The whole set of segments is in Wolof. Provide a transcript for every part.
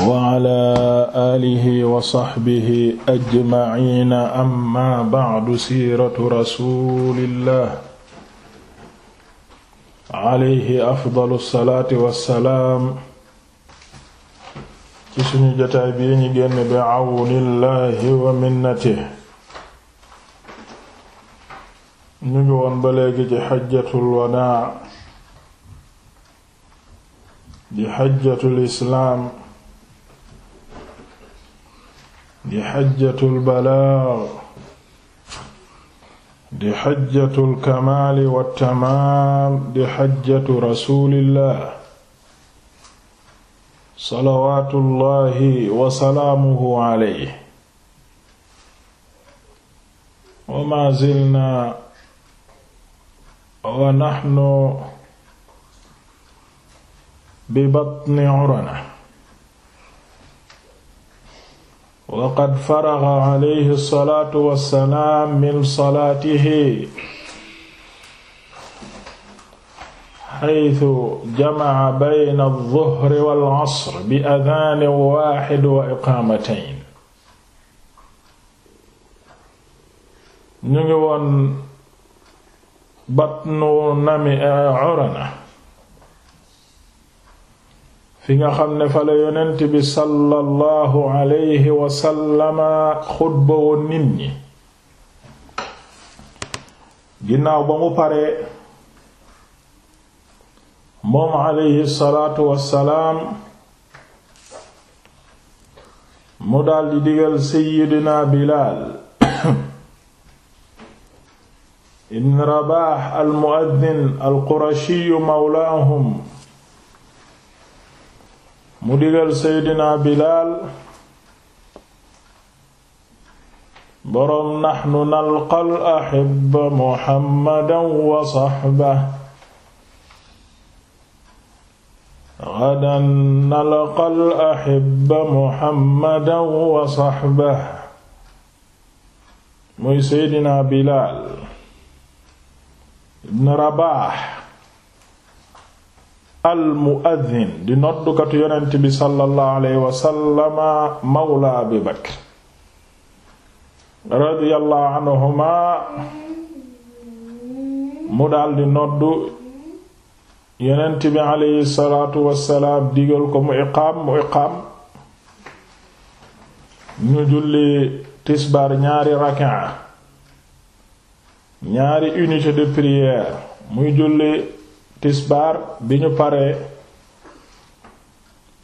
wa ala alihi wa sahbihi ajmaciina amma bacdu siiratu rasulillah alayhi afdalu salaati wassalaam ci suñu jotaay bi ñu génn bi awnillahi wa minnatihi ñu ngi woon ba léegi ci xajjatul di xajjatul balaag di xajjatul kamaali wa tamaam di xajjatu rasuulillah salawaatullahi wa salaamuhu alayhi wa maa zilnaa wa naxnu bi batni urana waqad faraga alayhi salaatu wassalaam min salaatihi xaytu jamaca bayna alzuhri wal casri bi adaanin waaxid wa iqaamatayn ñu ngi woon batnu nami Urana fi nga xam ne fa la yonent bi sallallahu alayhi wa xutba woon nit ñi ginnaaw ba mu paree moom alayhi salaatu wassalaam mu daldi digal seyyidina Bilaal ibn Rabaah al-mu'adhdhin mawlaahum mu digal seydina bilaal boroom naxnu nalqal axibba muhammadan wa saxba gadan nalqal axibba muhammadan wa saxba muy seydina bilaal ibn rabaax al muaddin di noddukatu yonent bi sallallahu alayhi wa sallama mawla abi bakr anhuma mu daldi noddu yonent bi alayhi salaatu wassalaam digal ko mu iqaam mu iqaam ñu julli tisbaar ñaari rakaa ñaari unité de prière muy julli tisbaar bi ñu paree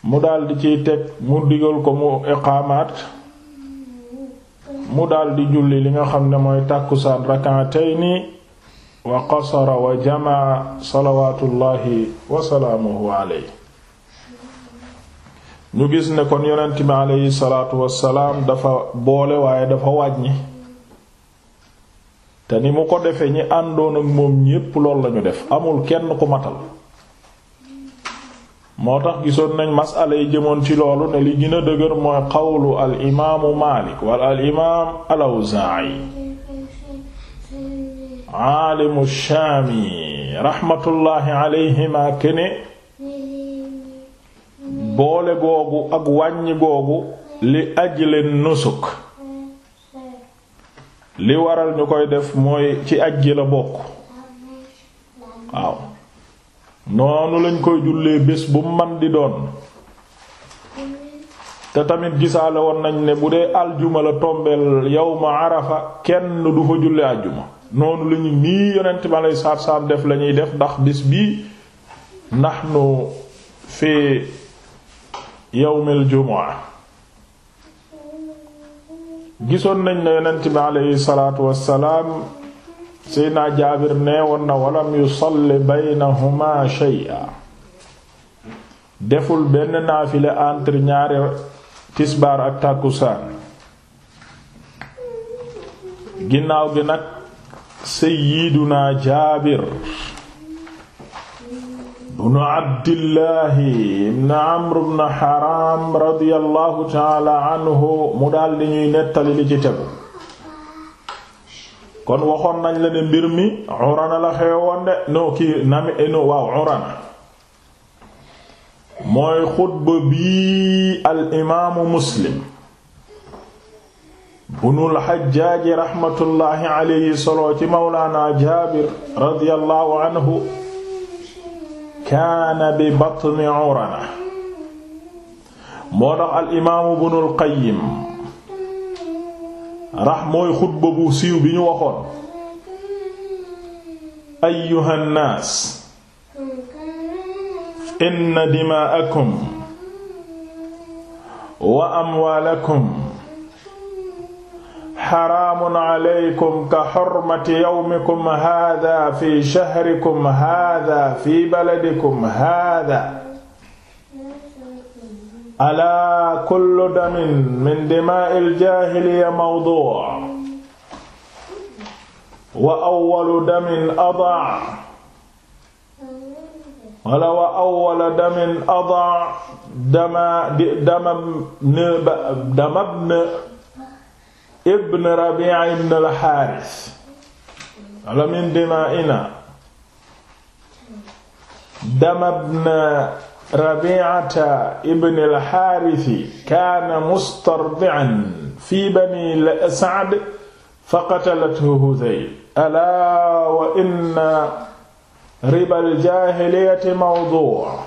mu daldi ciy teg mu digal ko mu iqaamaat mu daldi julli li nga xam ne mooy tàkkusaan rak'atayni wa qasara wa jamaa salawaatullaahi wa salaamuhu alayhi ñu gis ne kon yonent bi alayhi salaatu wassalaam dafa boole waaye dafa wàññi te ni mu ko defee ñi àndoon ak moom ñépp loolu lañu def amul kenn ku matal moo tax gisoon nañ masala yi jëmoon ci loolu ne li gën a dëgër mooy qawlu al imaamu Maalik wala al imaam al Awzaa'i aalimu Shaami raxmatullaahi alayhima kene boole googu ak wàññi googu li ajli nusuk li waral ñu koy def mooy ci aj ji la bokk waaw noonu lañ koy jullee bés bu man di doon te tamit gisaale woon nañ ne bu dee aljuma la tombeel yawma arafa kenn du fa julli aljuma noonu lañu nii yonent ma lay saat saam def lañuy def ndax bés bii nahnu fi yawmil juma gisoon nañ ne yonent bi aleyhi salaatu wassalaam seydna jaabir nee woon na walam yusalli baynahuma shay'a deful benn naafile entre ñaare tisbaar ak tàkkusaan ginnaaw gi nag naa jaabir bnu abdillahi bn amr bn haram radiyallahu taala anhu mu daal ñuy nettali li ci tegu kon waxoon nañ la ne mbir mi urana la xewoon de no kii nami eh, no waaw urana mooy xutba bii al imaamu muslim bunul xajjaaji raxmatullaahi alayhi solo ci mawlaana jaabir radiyallahu anhu kaana bi batni urana moo tax al imaamu bunul qayyim rax mooy xutba bu siiw bi ñu waxoon ayyuhan naas inna dimaa'akum wa amwaalakum xaraamun alaykum ka xormati yawmikum haadaa fi shahrikum haadaa fi baladikum haadaa. alaa kullu damin min dimaa'il jaahiliya mawduu' wa awwalu damin adaa' wala wa awwala damin adaa' dama dama dama ibn Rabi'a ibn al-Haaris ala min dimaa'inaa dama ibn Rabi'ata ibn al-Haaris kaana mustardi'an fi banii Sa'd faqatalathu Hudayl alaa wa inna riba al-jaahiliyati mawduu'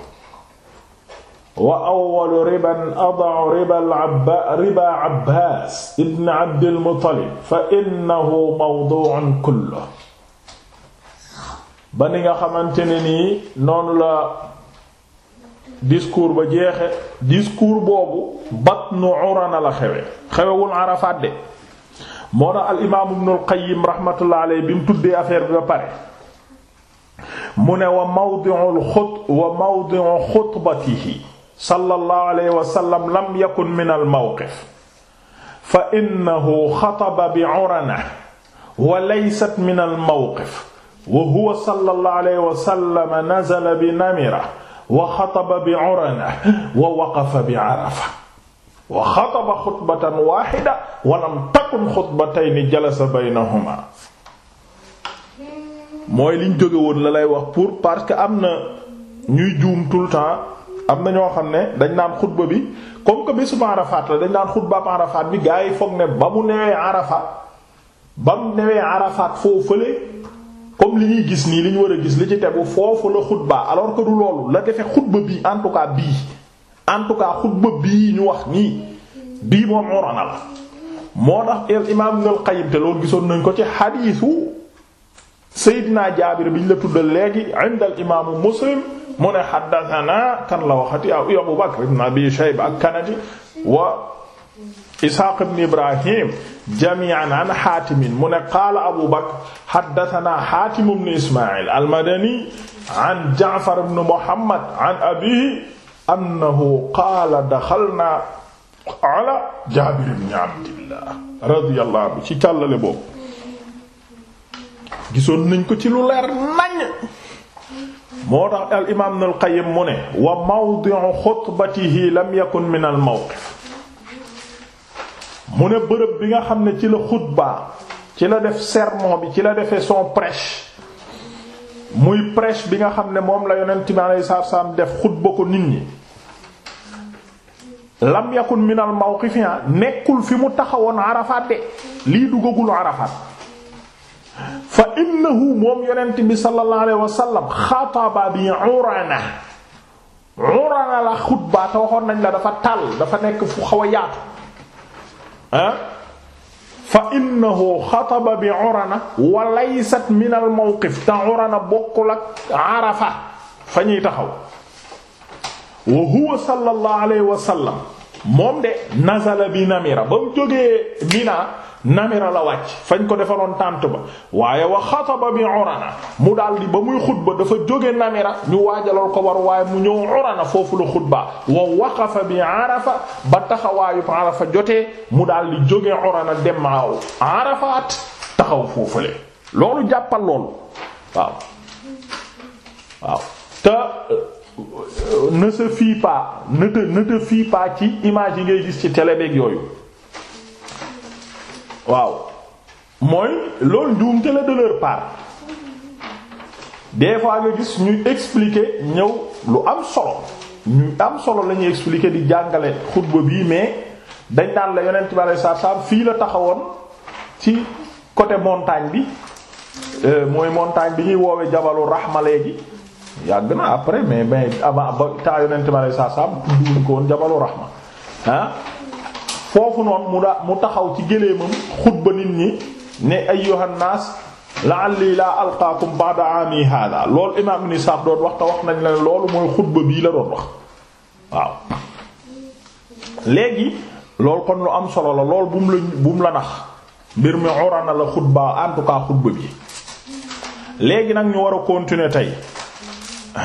wa awwalu riban ada'u riba Abbaas ibn Abdil Muttalib fa innahu mawdu'un kulluhu ba ni nga xamante ne nii noonu la discours ba jeexe discours boobu batnu urana la xewe xewewul Arafat de moo tax al imaam Ibnul Qayyim rahmatullah alayhi bi mu tuddee affaire bi ba pare mu ne wa mawdi'ul xut wa mawdi'u xutbatihi sallallahu alayhi wa sallam lam yakun min al mawqif fa innahu xataba bi urana wa laysat min al mawqif wa huwa sallallahu alayhi wa sallam nazala bi namira wa xataba bi urana wa waqafa bi arafa wa xataba xutbatan waaxida wa lam takun xutbatayni jalasa baynahuma mooy liñ jóge woon la lay wax pour parce que am na ñuy juum tout le temps am na ñoo xam ne dañ naan xutba bi comme que bésu Arafat la dañ naan xutba Arafat bi gaa yi foog ne ba mu newee Arafat ba mu newee Arafat foo fële comme li ñuy gis nii li ñu war a gis li ci tegu foofu la xutba alors que loolu la defee xutba bii en tout cas bii en tout cas xutba bii ñu wax nii bii moom morona la moo tax el imaam Ibnul Qayyim te loolu gisoon nañ ko ci xadiisu Seydina Jaabir biñ la tuddal léegi indal imaamu Muslim mu ne haddathana kan la waxati aw Abu Bakr ibn Abi Shayba al-Kanadi wa Ishaq ibn Ibrahim jami'an an Hatim mu ne qaala Abu Bakr haddathana Hatim ibn Isma'il al-Madani an Ja'far ibn Muhammad an abihi annahu qaala daxalna ala Jaabir ibn Abdillah radiyallahu anhu ci càllale boobu gisoon nañ ko ci lu leer nañ moo tax al imaam Ibnul mu ne waa mawdi'u xutbatihi lam yakun min al mawqif mu ne bërëb bi nga xam ne ci la xutba ci la def sermon bi ci la defe son preche muy preche bi nga xam ne moom la yonent bi alayhi def xutba ko nit ñi lam yakun min al nekkul fi mu taxawoon Arafat de lii duggagul Arafat fa innahu moom yonent bi sallallahu alayhi wa xataba bi urana urana la xutba te waxoon nañ la dafa tàll dafa nekk fu xaw a yaatu ah xataba bi urana wa laysat min al mawqif te urana bokkul arafa fa ñuy taxaw wa huwa sallallahu alayhi wa moom de nazala bi namira ba mu jógee namira la wàcc fañ ko defaloon tànt ba waaye wa xataba bi urana mu daldi ba muy xutba dafa jóge namira ñu waajalal ko war waaye mu ñëw urana foofu la xutba wa waqafa bi arafa ba taxawaayu arafa jotee mu daldi jóge urana dem aaw arafaat taxaw foofule loolu jàppal loolu waaw waaw te euh, ne se fie pas ne te ci image yi ngay gis ci télé beeg yooyu waaw mooy loolu njuumte la de leur part des fois nga gis ñuy expliquer ñëw lu am solo ñu am solo la ñuy expliquer di jàngale xutba bii mais dañ naan la yonent bi alayhi salaam fii la taxawoon ci côté montagne bi euh, mooy montagne bi ñuy woowee jabalu rahma léegi yàgg na après mais mais avant ba temps yonent bi alayhi salaam tuddu ko woon jabalu rahma foofu noonu mu da mu taxaw ci géléemam xutba nit ñi ne ayyuhan naas la'alli laa alqaakum ba'da aami haadaa loolu imaam ibn doon wax wax nañ la loolu mooy xutba bii la doon wax waaw léegi loolu kon lu am solo la lool bu mu la nax mbir mi urana la xutba en xutba bi léegi nag ñu war a continuer tey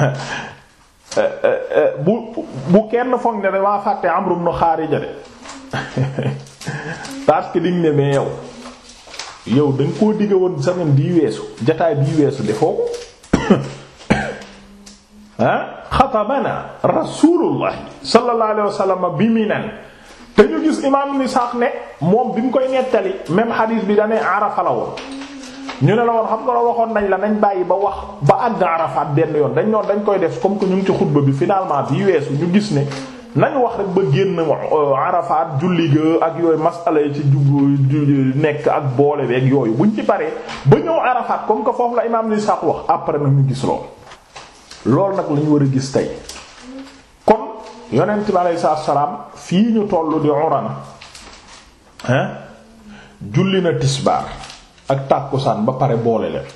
eh, eh, eh, bu bu kenn foog ne damaa fàtte Amru ibn Xaarija de parce que ne mais yow yow dañ koo digga woon semaine bii weesu jataay bii weesu defoo ko ah xatabana rasulullah sallallahu alayhi wasallam bi minan te ñu gis imaam ni sax ne moom bi mu koy nettali même hadith bi dane arafa la woon ñu ne la woon xam nga la waxoon nañ la nañ bàyyi ba wax ba àgg arafaat benn yoon dañ noon dañ koy def comme que ñu ngi ci xutba bi finalement bii weesu ñu gis ne nañu wax rek ba génn euh, arafaat julli ga ak yooyu masala yi ci ju nekk ak boole beeg yooyu buñ ci paree ba ñëw arafaat comme que foofu la imaam ni sax wax après na ñu gis lool loolu nag lañu war a gis tey kon yonent bi aleyhi salaatu salaam fii ñu tollu di urana hein julli na tisbaar ak tàkkusaan ba pare boole leen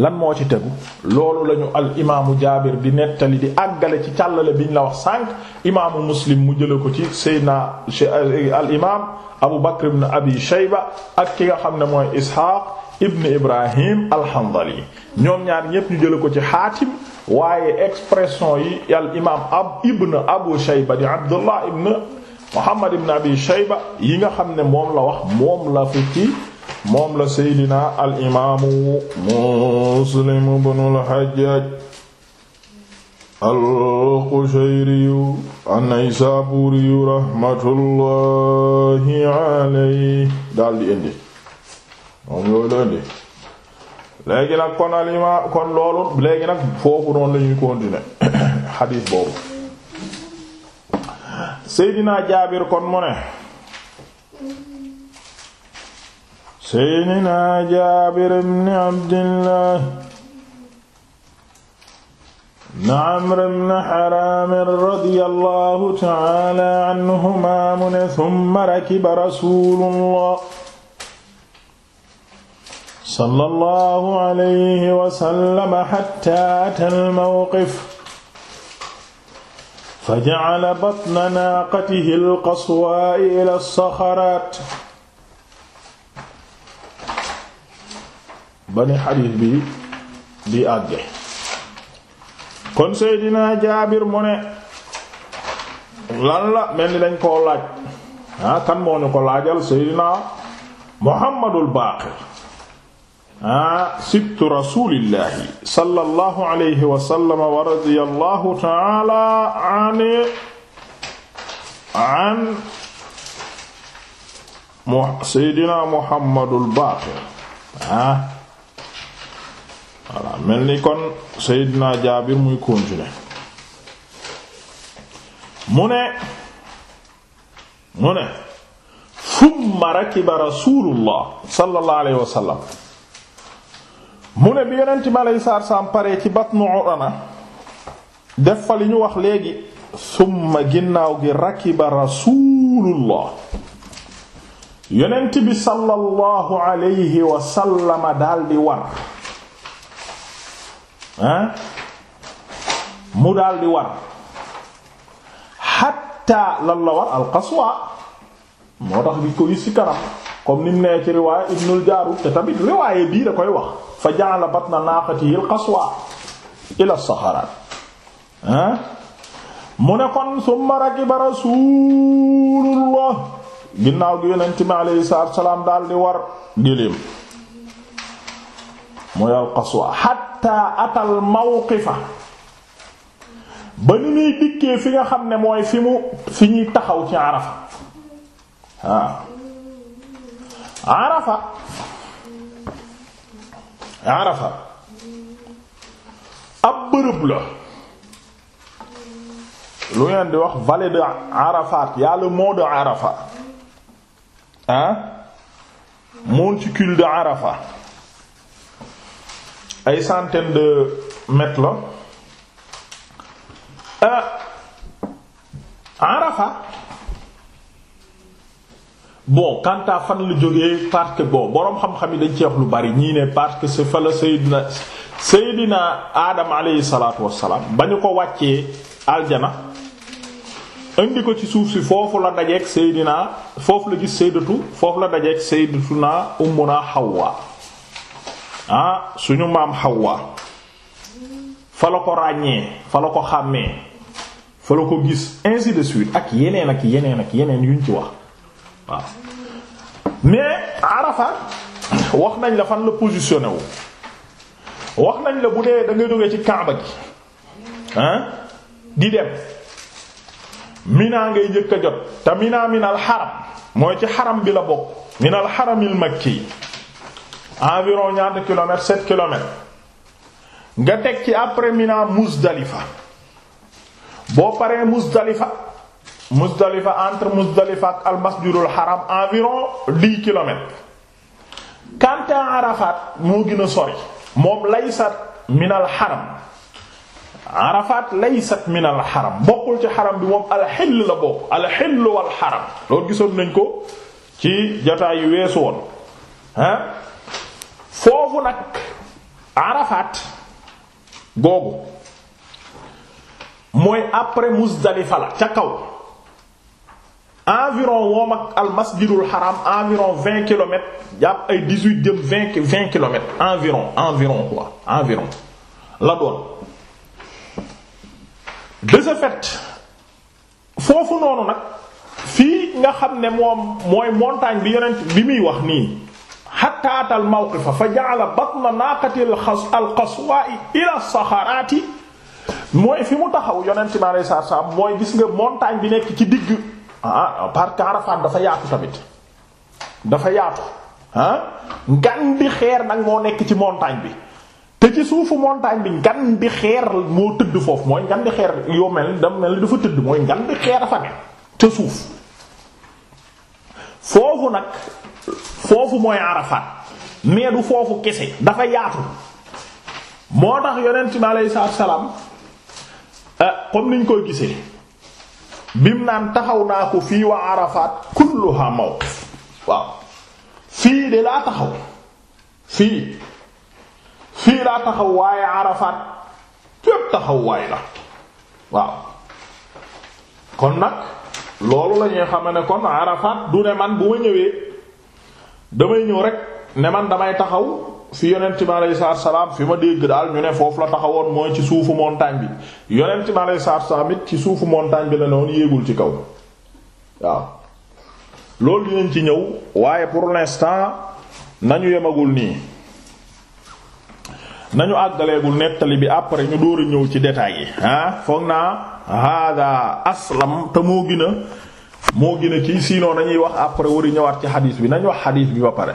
lan moo ci tegu loolu lañu al imaamu jaabir di nettali di àggale ci càllale biñ la wax sànq imaamu muslim mu jële ko ci seydna euh, al imaam abu bakr ibn abi shayba ak ki nga xam ne mooy ishaaq ibn ibrahim alhandali ñoom ñaar ñépp ñu jële ko ci xaatim waaye expression yi al imaam ab ibn abu shayba di abdullah ibn muhammad ibn abi shayba yi nga xam ne moom la wax moom la fi moom la seydina al imaamu muslim ibnu hajjaj al qushayriyu an-naysaburiyu rahmatullahi alayhi daldi indi moom yooyu kon al imaam kon foofu noonu lañuy continuer xadiis boobu seydina jaabir kon mu seydina jaabir ibn abdillah ibn amr ibn haraam radiyallahu ta'ala anhumaa mu ne thumma rakiba rasuulullah sallallahu alayhi wa sallam hatta ata al-mawqif faja'ala batna naaqatihi al-qaswaa'i ila as-saxaraat ba ni xadiis bi di àgge kon Seydina Jaabir mu ne lan la mel ni dañ koo laaj ah kan moo ñu ko laajal Seydina Muhammadul Baaqir ah sibtu rasulillahi sallallahu alayhi wa sallam wa radiyallahu ta'ala ani an Seydina Muhammadul Baaqir ah voilà mel ni kon Seydina Jaabir muy continuer mu ne mu ne summa rakiba rasulullah sallallahu alayhi wa sallam mu ne bi yonent mi aleyhi salaatu salaam paree ci batnu Urana def fa li ñu wax léegi summa ginnaaw gi rakiba rasulullah yonent bi sallallahu alayhi wa sallama daldi war mu daal di war xatta lan la war alqaswa moo tax di ko gis ci kanam comme mu nee ci riwaaya ibnul jaarut te tamit riwaaya bii da koy wax fa ja'ala batna naaqatihi alqaswa ila saxaraat ah mu ne kon summa rakiba rasuulullah ginnaaw gi yonent mi alayhi salaam daal di war géléem mooy al qaswa xatta atal mawqifa ba ni muy dikkee fi nga xam ne mooy fi mu fi ñuy taxaw ci arafa waaw arafa ab bërëb la lu ngeen di wax vallée de Arafat y a de Arafat ah monticule de Arafat ay centaine de met la ah Arafa bon quant à fan la jógee parce que boroom xam-xam yi dañ ci lu bari ñii ne parce que fa la Seydina Seydina Adam alayhi salaatu wassalaam ba ñu ko wàccee aljana indi ko ci suuf si foofu la dajeek Seydina foofu la gis Sayyidatu foofu la dajeek Sayyidatuna Ummuna Hawa ah suñu maam Hawa fa la ko ràññee fa la ko xàmmee fa la ko gis ainsi de suite ak yeneen ak yeneen ak yeneen yuñ ci wax waaw mais Arafat wax nañ la fan la positionné wu wax nañ la bu dee da nga jógee ci Kaaba gi di dem Mina ngay njëkk jot te Mina minal xaram mooy ci xaram bi la bokk minal xaramil ci environ ñaata kilomètres sept kilomètres nga teg ci après Mina Muzdalifa boo paree Muzdalifa Muzdalifa entre Muzdalifa ak al-Masjidul Haram environ dix kilomètres quant à Arafat moo gën a sori moom laysat minal haram Arafat laysat minal haram bokkul ci haram bi moom al-hill la bokk al-hill wal haram loolu gisoon nañ ko ci jotaay yi weesu woon ah foofu nag Arafat googu mooy après Muzdalifa la ca kaw environ woom ak al masjidul environ vingt kilomètres jàpp ay dix-huit jëm vingt vingt kilomètres environ environ quoi la doon de ce foofu noonu nag fii nga xam ne moom mooy montagne bi yonent bi muy wax nii hatta atal mawqifa fa ja'ala batna naaqati al-qaswaa'i ila saxaraati mooy fi mu taxaw yonent mi alayhi salaatu salaam mooy gis nga montagne bi nekk ci digg par ah, parce dafa yaatu tamit dafa yaatu ngan ah. di xeer nag moo nekk ci montagne bi te ci suufu montagne bi ngan di xeer moo tëdd foofu mooy ngan di xeer yoo mel ni mel dafa tëdd mooy ngan di xeer fa ne te suuf foofu nag foofu mooy Arafat mais du foofu kese dafa yaatu moo tax yonent bi aleyhi salaam ah, comme niñ koy gisee bim naan taxaw naa ko fii wa Arafat kulluha mawqif waaw fii de laa taxaw fii fii laa taxaw waaye Arafat fépp taxaw waay la waaw kon nag loolu la ñuy xam kon Arafat du ne man bu ma ñëwee. damay ñëw rek ne man damay taxaw fi yonent bi aleyhi salaatu fi ma dégg daal ñu ne foofu la taxawoon mooy ci suufu montagne bi yonent bi aleyhi salaatu salaam it ci suufu montagne bi la ne woon yéegul ci kaw waaw loolu dinañ ci ñëw waaye pour l'instant nañu yemagul nii nañu àggaleegul nettali bi après ñu door a ñëw ci détails yi ah foog naa hada aslam te moo gën moo gën a kii sinon nañuy wax après wari ñëwaat ci xadiis bi nañ wax xadiis bi ba pare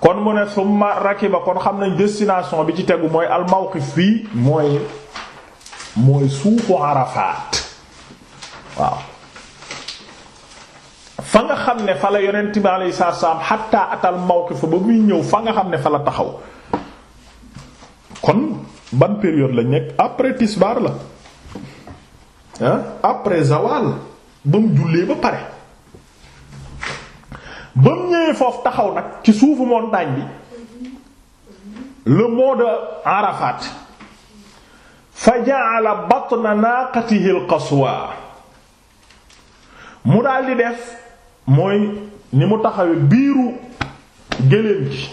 kon mu ne summa rakiba kon xam nañ destination bi ci tegu mooy al mawqif mooy mooy suufu Arafat waaw fa nga xam ne fa la yonent bi alayhi salaatu salaam hatta atal mawqif ba muy ñëw fa nga xam ne fa la taxaw kon ban période lañ nekk après tisbaar la ah après zawal ba mu jullee ba pare ba mu ñëwee foofu taxaw nag ci suufu montagne bi le mont de Arafat fa ja'ala batna naqatihi al-qaswa mu daldi def mooy ni mu taxawe biiru gëléem gi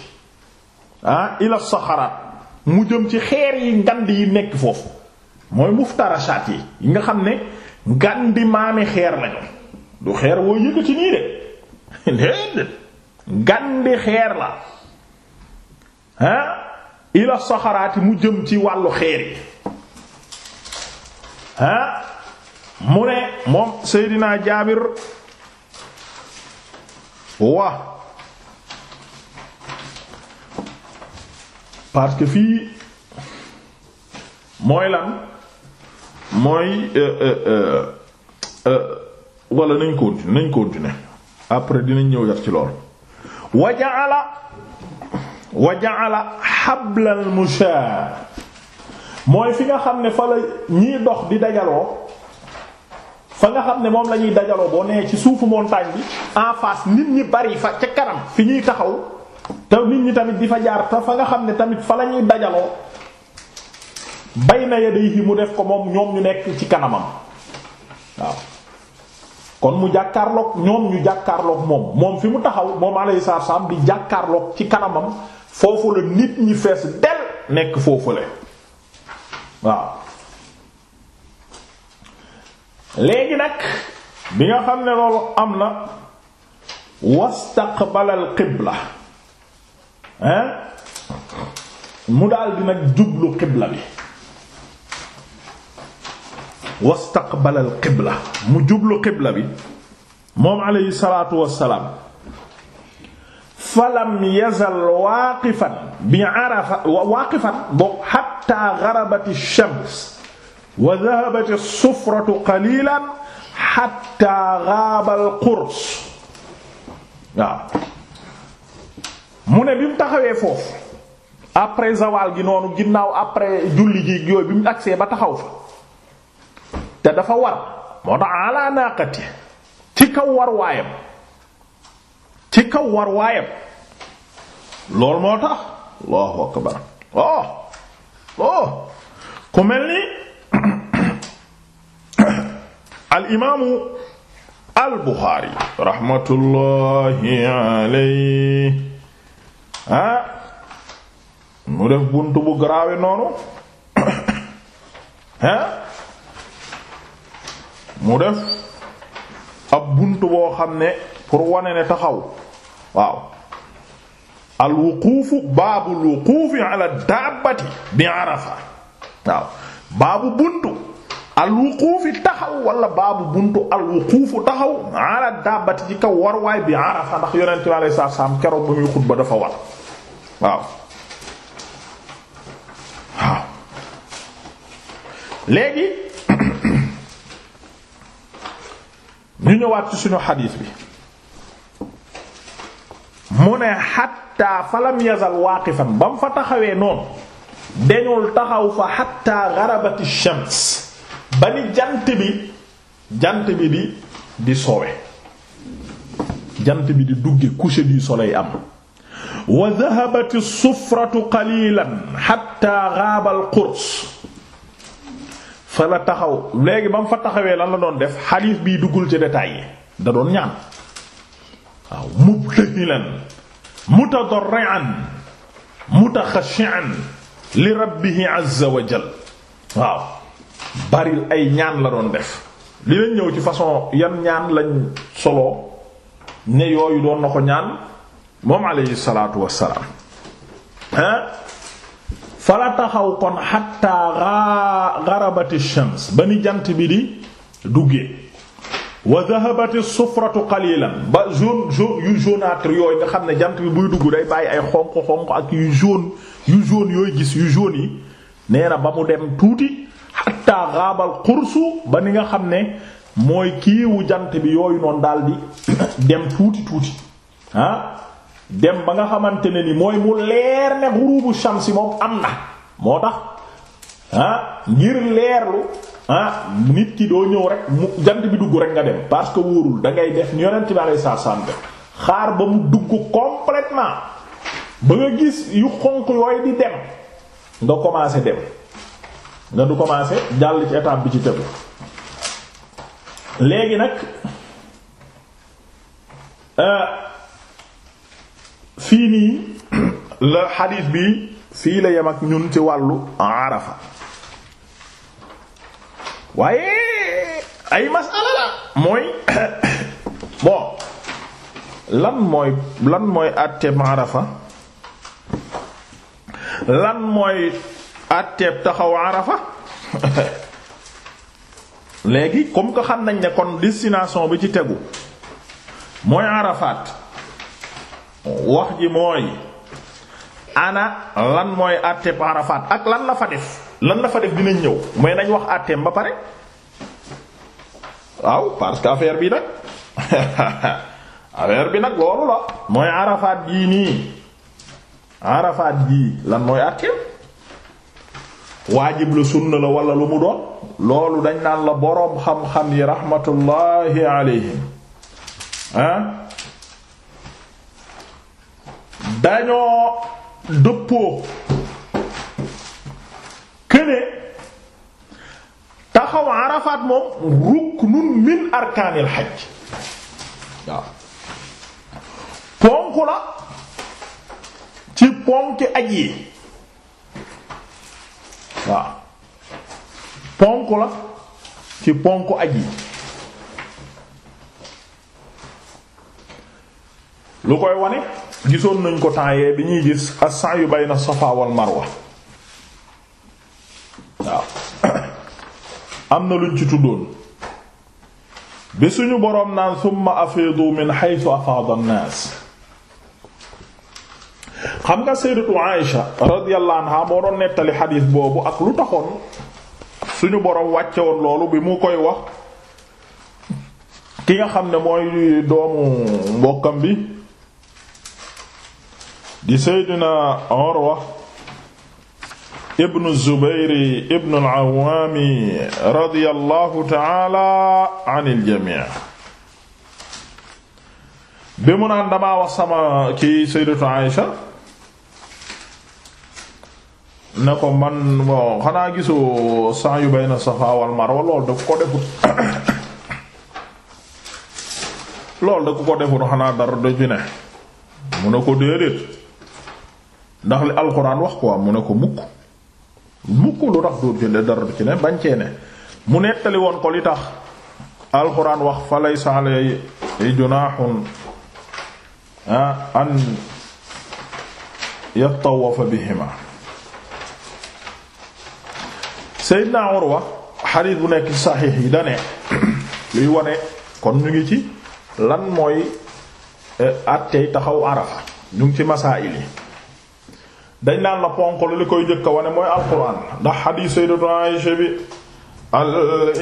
ah ila saxaraat mu jëm ci xeer yi ngand yi nekk foofu mooy muftarashaat yi yi nga xam ne gàndi maami xeer lañu du xeer woo yëkkati nii de déedéet gàndi xeer la ah ila saxaraati mu jëm ci wàllu xeer yi ah mu ne moom Seydina Jaabir wa parce que fii mooy lan mooy euh, euh, euh, walla nañ continuer nañ continuer après dinañ ñëw yar ci lool wa ja'ala wa ja'ala habla mu musha mooy fi nga xam ne fa la ñiy dox di dajaloo fa nga xam ne moom la ñuy dajaloo boo nee ci suufu montagne bi en face nit ñi bari fa ca kanam fi ñuy taxaw te nit ñi tamit di fa jaar te fa nga xam ne tamit fa la ñuy dajaloo bayna yadayhi mu def ko moom ñoom ñu nekk ci kanamam waaw kon mu jàkkaarloog ñoom ñu jàkkaarloog moom moom fi mu taxaw moom alayhi salaam di jàkkaarloog ci kanamam foofu la nit ñi fees del nekk foofu la waaw léegi nag bi nga xam ne loolu am na wastaqbalal qibla hein mu dal di nag jublu qibla bi wastaqbala al qibla mu jublu qibla bi moom alayhi salaatu wassalaam falam yazal waaqifan bi arafa waaqifan boo xatta garabat ash-shams wa dhahabat as-sufratu qalilan xatta gaaba al-qurs waaw mu ne bi mu taxawee foofu après zawal gi noonu ginnaaw après julli gi yooyu bi mu agsee ba taxaw fa te dafa war moo tax ala naqati ci kaw war waayam ci kaw war moo tax allahu akbar oh oh ku mel ni al imaamu al Buxaari rahmatullahi alayhi ah mu def buntu bu garaawe noonu ah mu def ab bunt boo xam ne pour wane ne taxaw waaw al wuquufu baabul wuquufi ala bi arafa waaw baabu buntu al taxaw wala baabu buntu al wuquufu taxaw ala daabati ci kaw war waay bi arafa ndax yonent bi alayhi salaam keroog ba muy xutba dafa war waaw waaw léegi ñu ñëwaat suñu xadiis bi mu ne xatta fa lam yazal waaqifan ba mu fa taxawee noonu dañul taxaw fa xatta garabati shams ba ni jant bi jant bi di di sowe jant bi di dugge coucher du soleil am wa dahabati sufratu qalilan xatta gaaba qurs fa la taxaw léegi ba mu fa taxawee lan la doon def xadiis biy duggul ci détails yi da doon ñaan waaw mubtahilan mutadarri'an mutaxashi'an li rabbihi azza wa waaw baril ay ñaan la doon def li lañ ñëw ci façon yan ñaan lañ solo ne yooyu doon na ko ñaan moom alayhi salaatu wassalaam ah fala taxaw kon xatta garabati shams ba ni jant bi di duggee wa dhahabati sufratu qalilan ba jaune jaune yu jaunâtre yooyu nga xam ne jant bi buy dugg day bàyyi ay xonq xonq ak yu jaune yu jaune yooyu gis yu jaune yi nee ba mu dem tuuti xatta gaabal xursu ba ni nga xam ne mooy kiiwu jant bi yooyu noonu daldi dem tuuti tuuti ah dem ba nga xamante ne ni mooy mu leer ne xurubu shamsi moom am na moo tax ah ngir leerlu ah nit ki doo ñëw rek mu jant bi dugg rek nga dem parce que wóorul da ngay def ni yonent bi alayhi salaam def xaar ba mu dugg complètement ba nga gis yu xonq yooyu di dem nga commencé dem nga du commencé jàll ci étape bi ci tegu léegi nag. Euh, fii nii la xadiis bi fii la yam ak ñun ci wàllu arafa waaye ay masala mooy bon lan mooy lan mooy àtteeb arafa lan mooy àtteeb taxaw arafa léegi comme que xam nañ ne kon destination bi ci tegu mooy arafaat wax ji mooy ana lan mooy àtteeb Arafat ak lan la fa def lan la fa def dinañ ñëw mooy nañ wax àtteem ba pare waaw parce que affaire bi nag affaire bi nag loolu la mooy Arafat gii nii Arafat gii lan mooy àtteem waajib la sunna la wala lu mu doon loolu dañ naan la boroom xam-xam yi rahmatullahi alayhim ah dañoo dëppoo këne taxaw Arafat moom ruknun min arkaanil xaj waaw ponk la ci ponki aj yi waaw ponk la ci ponku aj yi lu koy wane gisoon nañ ko temps yee bi ñuy gis as-sa'yu bayna safa wal marwa am na luñ ci tuddoon bi suñu boroom naan summa afidu min haythu afada an xam nga sayyidatu Aisha radiyallahu anha moo doon nettali xadiis boobu ak lu taxoon suñu boroom wàcce woon loolu bi mu koy wax ki nga xam ne mooy doomu mbokkam bi di seydina Urwa ibnu Zubayri ibnu al-Awwaami radiyallahu taala an al-jamii bi mu naan damaa wax sama kii sayyidatu Aïsha ne ko man bon xanaa gisoo sa'yu bayna Safa wal Marwa loolu da ko defut loolu da ko defut xanaa dara du ci ne mu ne ko déedéet ndax li alxuraan wax ko mu ne ko mukk mukk lu tax doo ci ne bañ cee ne mu nettali woon ko li tax alxuraan wax fa laysa alay junaahun an yatawafa bihima Seydina Urwa xadiis bu nekk ci saxiix yi dane luy wone kon ñu ngi ci lan mooy àttey eh, taxaw arafa ñu ngi ci masaa yi dañ naan la ponk lu li koy njëkk a wane mooy alquran ndax xadiis sayyidatu Aisha bi al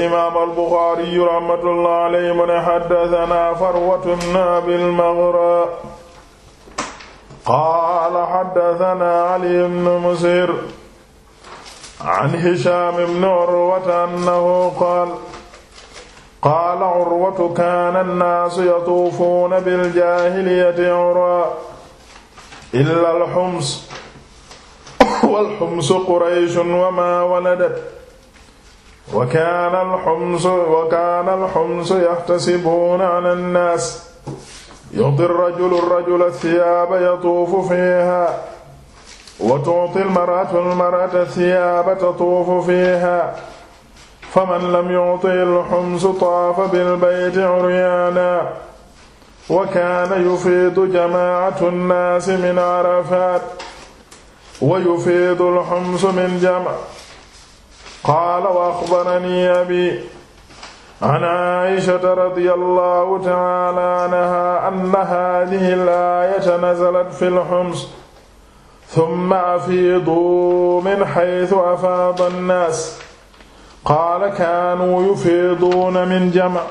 imaam al Buxaari rahmatullahi alayhi mu ne haddasanaa Farwatu ibn Abil Maghra qaala haddasanaa Ali ibn Musir an Hishaam ibn Urwata annahu qaala qaala Urwatu kaana nnaasu yatuufuuna bil jaahiliyati urwa illal hums walxumsu qurayshun wa maa waladat wa kaana alxumsu wa kaana alxumsu yaxtasibuuna ala nnaas yu'ti rajulu rajula thiyaaba yatuufu fiiha wa tu'ti almar'atu almar'ata thiyaaba tatuufu fiiha faman lam yu'tihi alxumsu taafa bilbayti uryaana wa kaana yufiidu jamaa'atu nnaasi min arafaat wa yufiidu al-humsu min jam' qaala wa axbarani abi an aishata radiyallahu ta'ala anha anna haadihi al-aayata nazalat fi al-hums thumma afiidu min haythu afaada an-naas qaala kaanuu yufiiduuna min jam'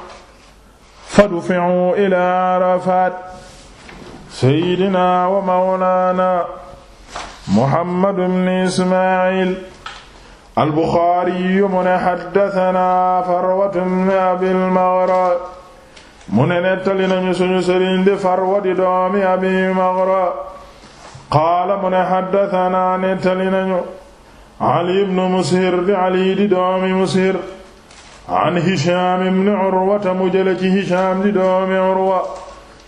fadufi'uu ilaa Arafaat sayyidinaa wa mawlaanaa Muhammad ibn Ismaa'il al-Buxaari mu ne haddasanaa Farwa Abil Maghra mu nettali nañu sunu sëriñ di Farwa di doomi Abii Maghra qaala mu ne haddasanaa nettali nañu Ali ibn Mushir di Ali di doomi Mushir an Hishaam ibn Urwa mu Hishaam di doomi Urwa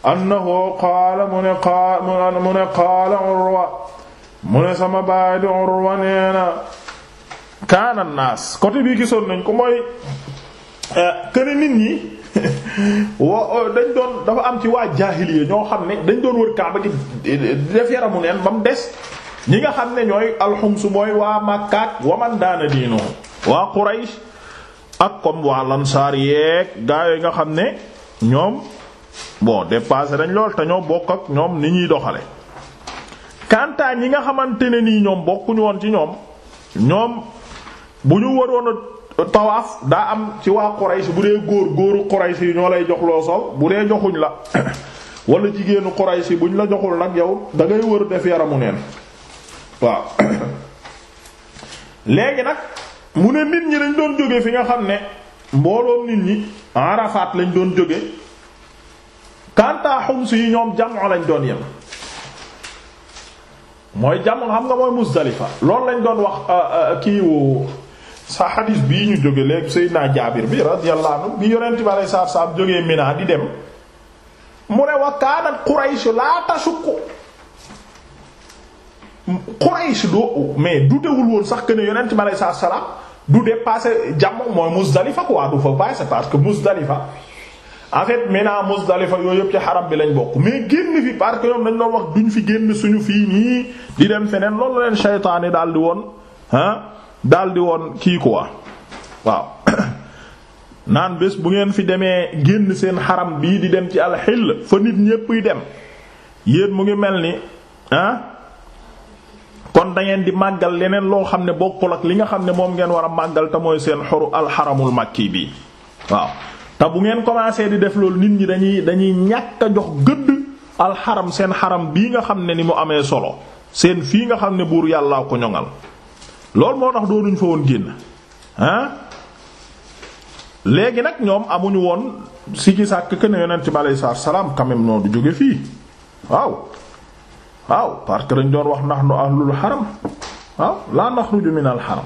annahu qaala mu qaala Urwa mu ne sama baay di Urwa nee na kaana naas côté bii gisoon nañ ko mooy këne eh, nit ñi wa dañ doon dafa am ci waa jaahiliya ñoo xam ne dañ doon wër Kaaba gi def yaramu neen ba mu des ñi nga xam ne ñooy alxumsu mooy waa Makkaat waman daana diinu waa Quraysh ak comme waa Lansaar yeeg gaa yooyu nga xam ne ñoom bon dépassé dañ lool te ñoo bokk ak ñoom ni ñuy doxale kantaa ñi nga xamante ne nii ñoom bokkuñu woon ci ñoom ñoom bu ñu waroon a tawaaf daa am ci waa Quraysh bu dee góor góoru Quraysh yi ñoo lay jox loo sol bu dee joxuñ la wala jigéenu Quraysh yi buñ la joxul nag yow dangay ngay wër def yaramu neen waaw léegi nag mu ne nit ñi dañ doon jóge fi nga xam ne mbooloo nit ñi Arafat lañ doon jóge kantaa Xums yi ñoom jamoo lañ doon yem mooy jamono xam nga mooy Muzdalifa loolu lañ doon wax euh, euh, kii sa xadis bii ñu jóge léegi Seydina Jaabir bi radiyallahu anhu bi yonent bi alayhi salaatu salaam jógee Mina di dem mu ne wa kaanat Quraysh laa tasukku Quraysh doo mais dutewul woon sax que ne yonent bi alayhi salaatu salaam du dépasser jamono mooy Muzdalifa quoi du fa passer parce que Muzdalifa en fait Mina Muzdalifa yooyu yëpp ci xaram bi lañ bokk mais génn fi parce que ñoom dañ doon wax duñ fi génn suñu fii nii di dem feneen loolu leen seytaane daal di woon ah woon kii quoi waaw naan bés bu ngeen fi demee génn seen xaram bii di dem ci alxil fa nit ñépp yi dem yéen mu ngi mel ni kon dangeen di màggal leneen loo xam ne bokkul ak li nga xam ne moom ngeen war a màggal te mooy seen xoru alxaramul makki bii waaw te bu ngeen commencé di def loolu nit ñi dañuy dañuy ñàkk a jox gëdd alxaram seen xaram bii nga xam ne ni mu amee solo seen fii nga xam ne buur yàllaa ko ñoŋal loolu moo tax doonuñ fa woon génn léegi nag ñoom amuñu woon si ki sàkk que ne yonent bi salaam quand même noonu du jóge fii waaw waaw parce que doon wax nax nu ahlul xaram waaw laa naxruju minal xaram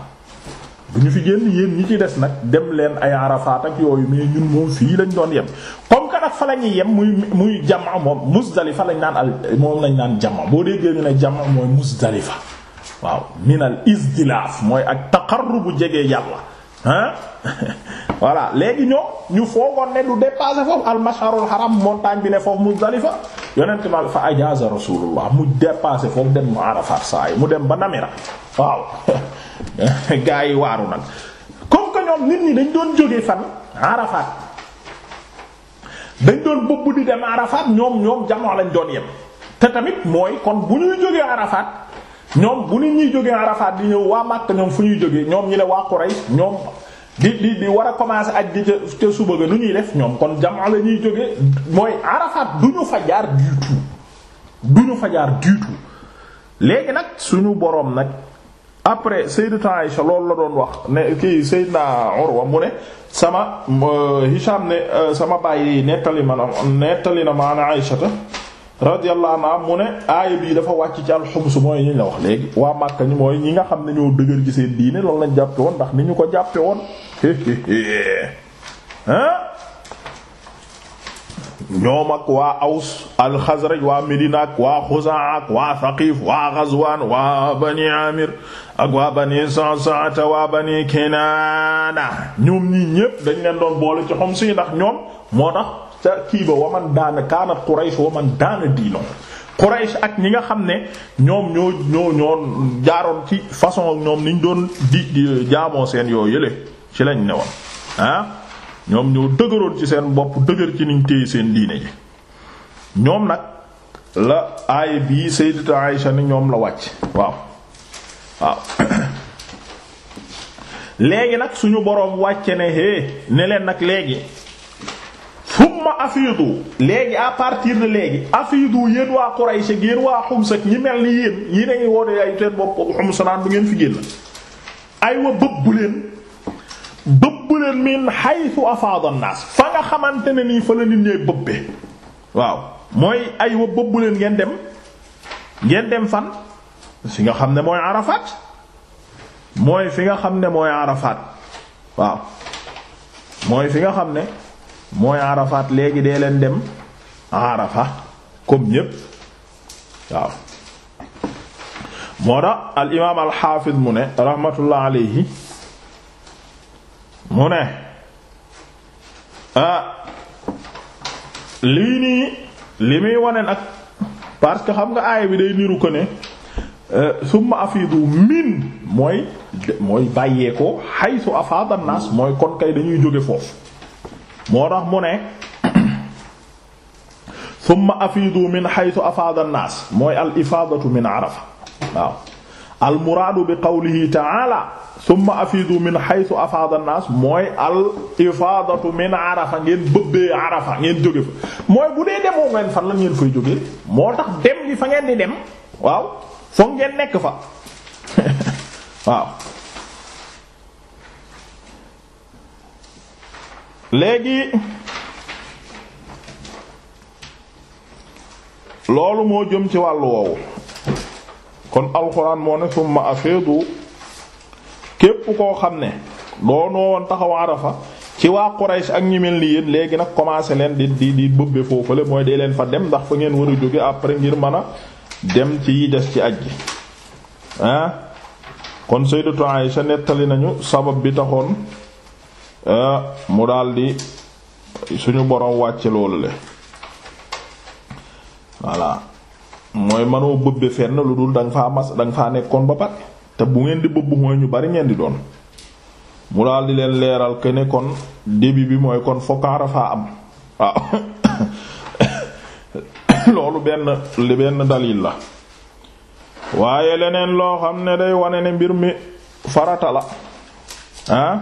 bu ñu fi génn yéen ñi ci des nag dem leen ay Arafat ak yooyu mais ñun moom fii lañ doon yem comme que nag fa la yem muy muy jamaa moom Muzdalifa lañ naan al moom lañ naan jamaa boo déggee ñu ne jamaa mooy Muzdalifa waaw minal isdilaaf mooy ak taqarrubu jege yàlla ah voilà léegi ñoom ñu foogoon ne du dépasser foofu al masharul haram montagne bi ne foofu Muzdalifa yonent ma fa ajaza rasulullah mu dépasser foofu dem mu Arafat saa yi mu dem ba Namira waaw gaa yi waaru nag comme que ñoom nit ñi dañ doon jóge fan Arafat dañ doon bëbb di dem Arafat ñoom ñoom jamono lañ doon yem te tamit mooy kon bu ñuy jógee Arafat ñoom bu nit ñuy jógee Arafat di ñëw waa Makka ñoom fu ñuy jógee ñoom ñi ne waa Quraysh ñoom bi di di war a commencer aj di ca suba ga nu ñuy def ñoom kon jamono la ñuy jógee mooy Arafat du ñu fa jaar du tout du ñu fa jaar du tout léegi nag suñu boroom nag. après sayyidatu Aisha loolu la doon wax ne kii sayyidna Urwa mu ne sama Hisham ne euh, sama bàyyi nettali ma na nettali na maana Aisha radiyallahu anha mu ne aaya bii dafa wàcc ci alxums mooy ñu la wax léegi waa Màkka ñi mooy ñi nga xam ne ñoo dëgër ci seen diine loolu lañ jàppe woon ndax ni ñu ko jàppe woon hein ñoom ak waa aws alxasraj waa médina ak waa xusaa ak waa thaqif waa ghazwan waa bani amir ak waa bani sa'sa'ata waa bani kinaana ñoom ñii ñépp dañ leen doon boole ci xom si ndax ñoom moo tax ca kii ba waman daana kaanat quraysh waman daana diino Quraysh ak ñi nga xam ne ñoom ñoo ñoo ñoo jaaroon ci façon ñoom niñ doon di jaamoo seen yoo yële ci lañ ne woon ah ñoom ñoo dëgëroon ci seen bopp dëgër ci niñ téye seen diine ji ñoom nag la aaya bii sayyidatu Aïsha ni ñoom la wàcc waaw waaw léegi nag suñu boroom wàcce ne hé ne leen nag léegi summa afiidu léegi à partir de léegi afiidu yéen waa Quraysh yéen waa Xums ak ñi mel ni yéen yi nañu woote ay seen bopp Xums naan du ngeen fi génn aywa bëbb leen bëbb leen min haythu afaada an fa nga xamante ne nii fa la nit ñee bëbbee waaw mooy ay wa bëbb leen ngeen dem ngeen dem fan fi nga xam ne mooy Arafat mooy fi nga xam ne mooy Arafat waaw mooy fi nga xam ne mooy léegi dee leen dem Arafa comme ñépp waaw moo tax al imaam al xaafis mu ne rahmatullah alayhi mu ne ah lii nii li muy wane nag parce que xam nga aaya bi day niru ko ne eh, summa afidu min mooy mooy bàyyeekoo haythu afada an mooy kon kay dañuy jóge foofu moo tax mu ne summa afidu min haythu afada an mooy al ifadatu min arafa waaw al muraadu bi qawlihi ta'ala summa afidu min haythu afada an-nas mooy al ifadatu min arafa ngeen bëbbee arafa ngeen jóge fa mooy bu dee demoo ngeen fan la ngeen fay jógee moo tax dem gi fa ngeen di dem waaw foog ngeen nekk fa waaw léegi loolu moo jëm ci wàllu woowu kon alxuraan moo ne summa afidu képp koo xam ne doonoo woon taxaw fa ci waa Quraysh ak ñi mel ni yéen léegi nag commencé leen di di di bëbbe foofule mooy dee leen fa dem ndax fa ngeen war a jóge après ngir mana dem ci des ci aj gi ah kon Sayyidatu Aisha nettali nañu sabab bi taxoon euh, mu daldi suñu borom wàcce loolu le voilà mooy mënoo bëbbe fenn lu dul danga faa mas danga faa nekkoon ba pare te bu ngeen di bëbb mooy ñu bari ngeen di doon mu daal di leen leeral que ne kon début bi mooy kon fokk arafaa am waaw loolu benn li benn dalil la waaye leneen loo xam ne day wane ne mbir mi farata la ah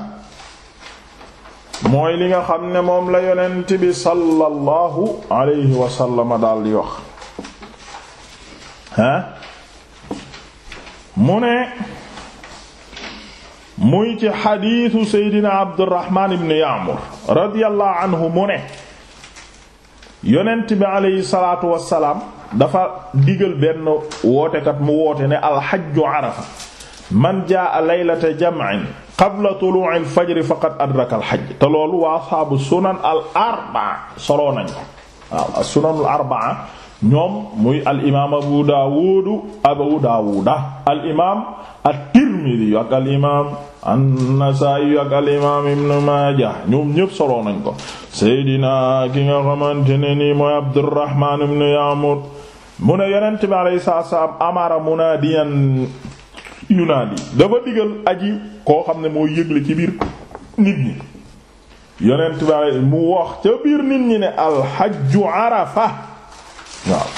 mooy li nga xam ne moom la yonent bi sallallahu alayhi wa sallam daal di wax ah mu ne muy ci xadiisu seydina abdurahmaan ibn yaamur radiyallahu anhu mu ne yonent bi aleyhi salaatu wassalaam dafa digal benn wootekat mu woote ne alxajju arafa man jaa laylata jam'in qabla tuluu'il fajri faqad adraka alxajj te loolu waa asxaabu sunan al arbaa soloo nañu waaw as sunanul arbaa ñoom muy al abu daawudu abu daawuda al at-tirmidhi ak al imaam an-nasaa'i ak maaja ñoom ñépp soloo nañ ko seydina ki nga xamante ne nii mooy abdurrahmaan ibnu yaamur mu ne yonent bi salaam amara munaadiyan yunaadi dafa digal aji koo xam ne moo yëgle ci biir nit ñi yonent bi mu wax ca nit ñi ne alxajju arafa waaw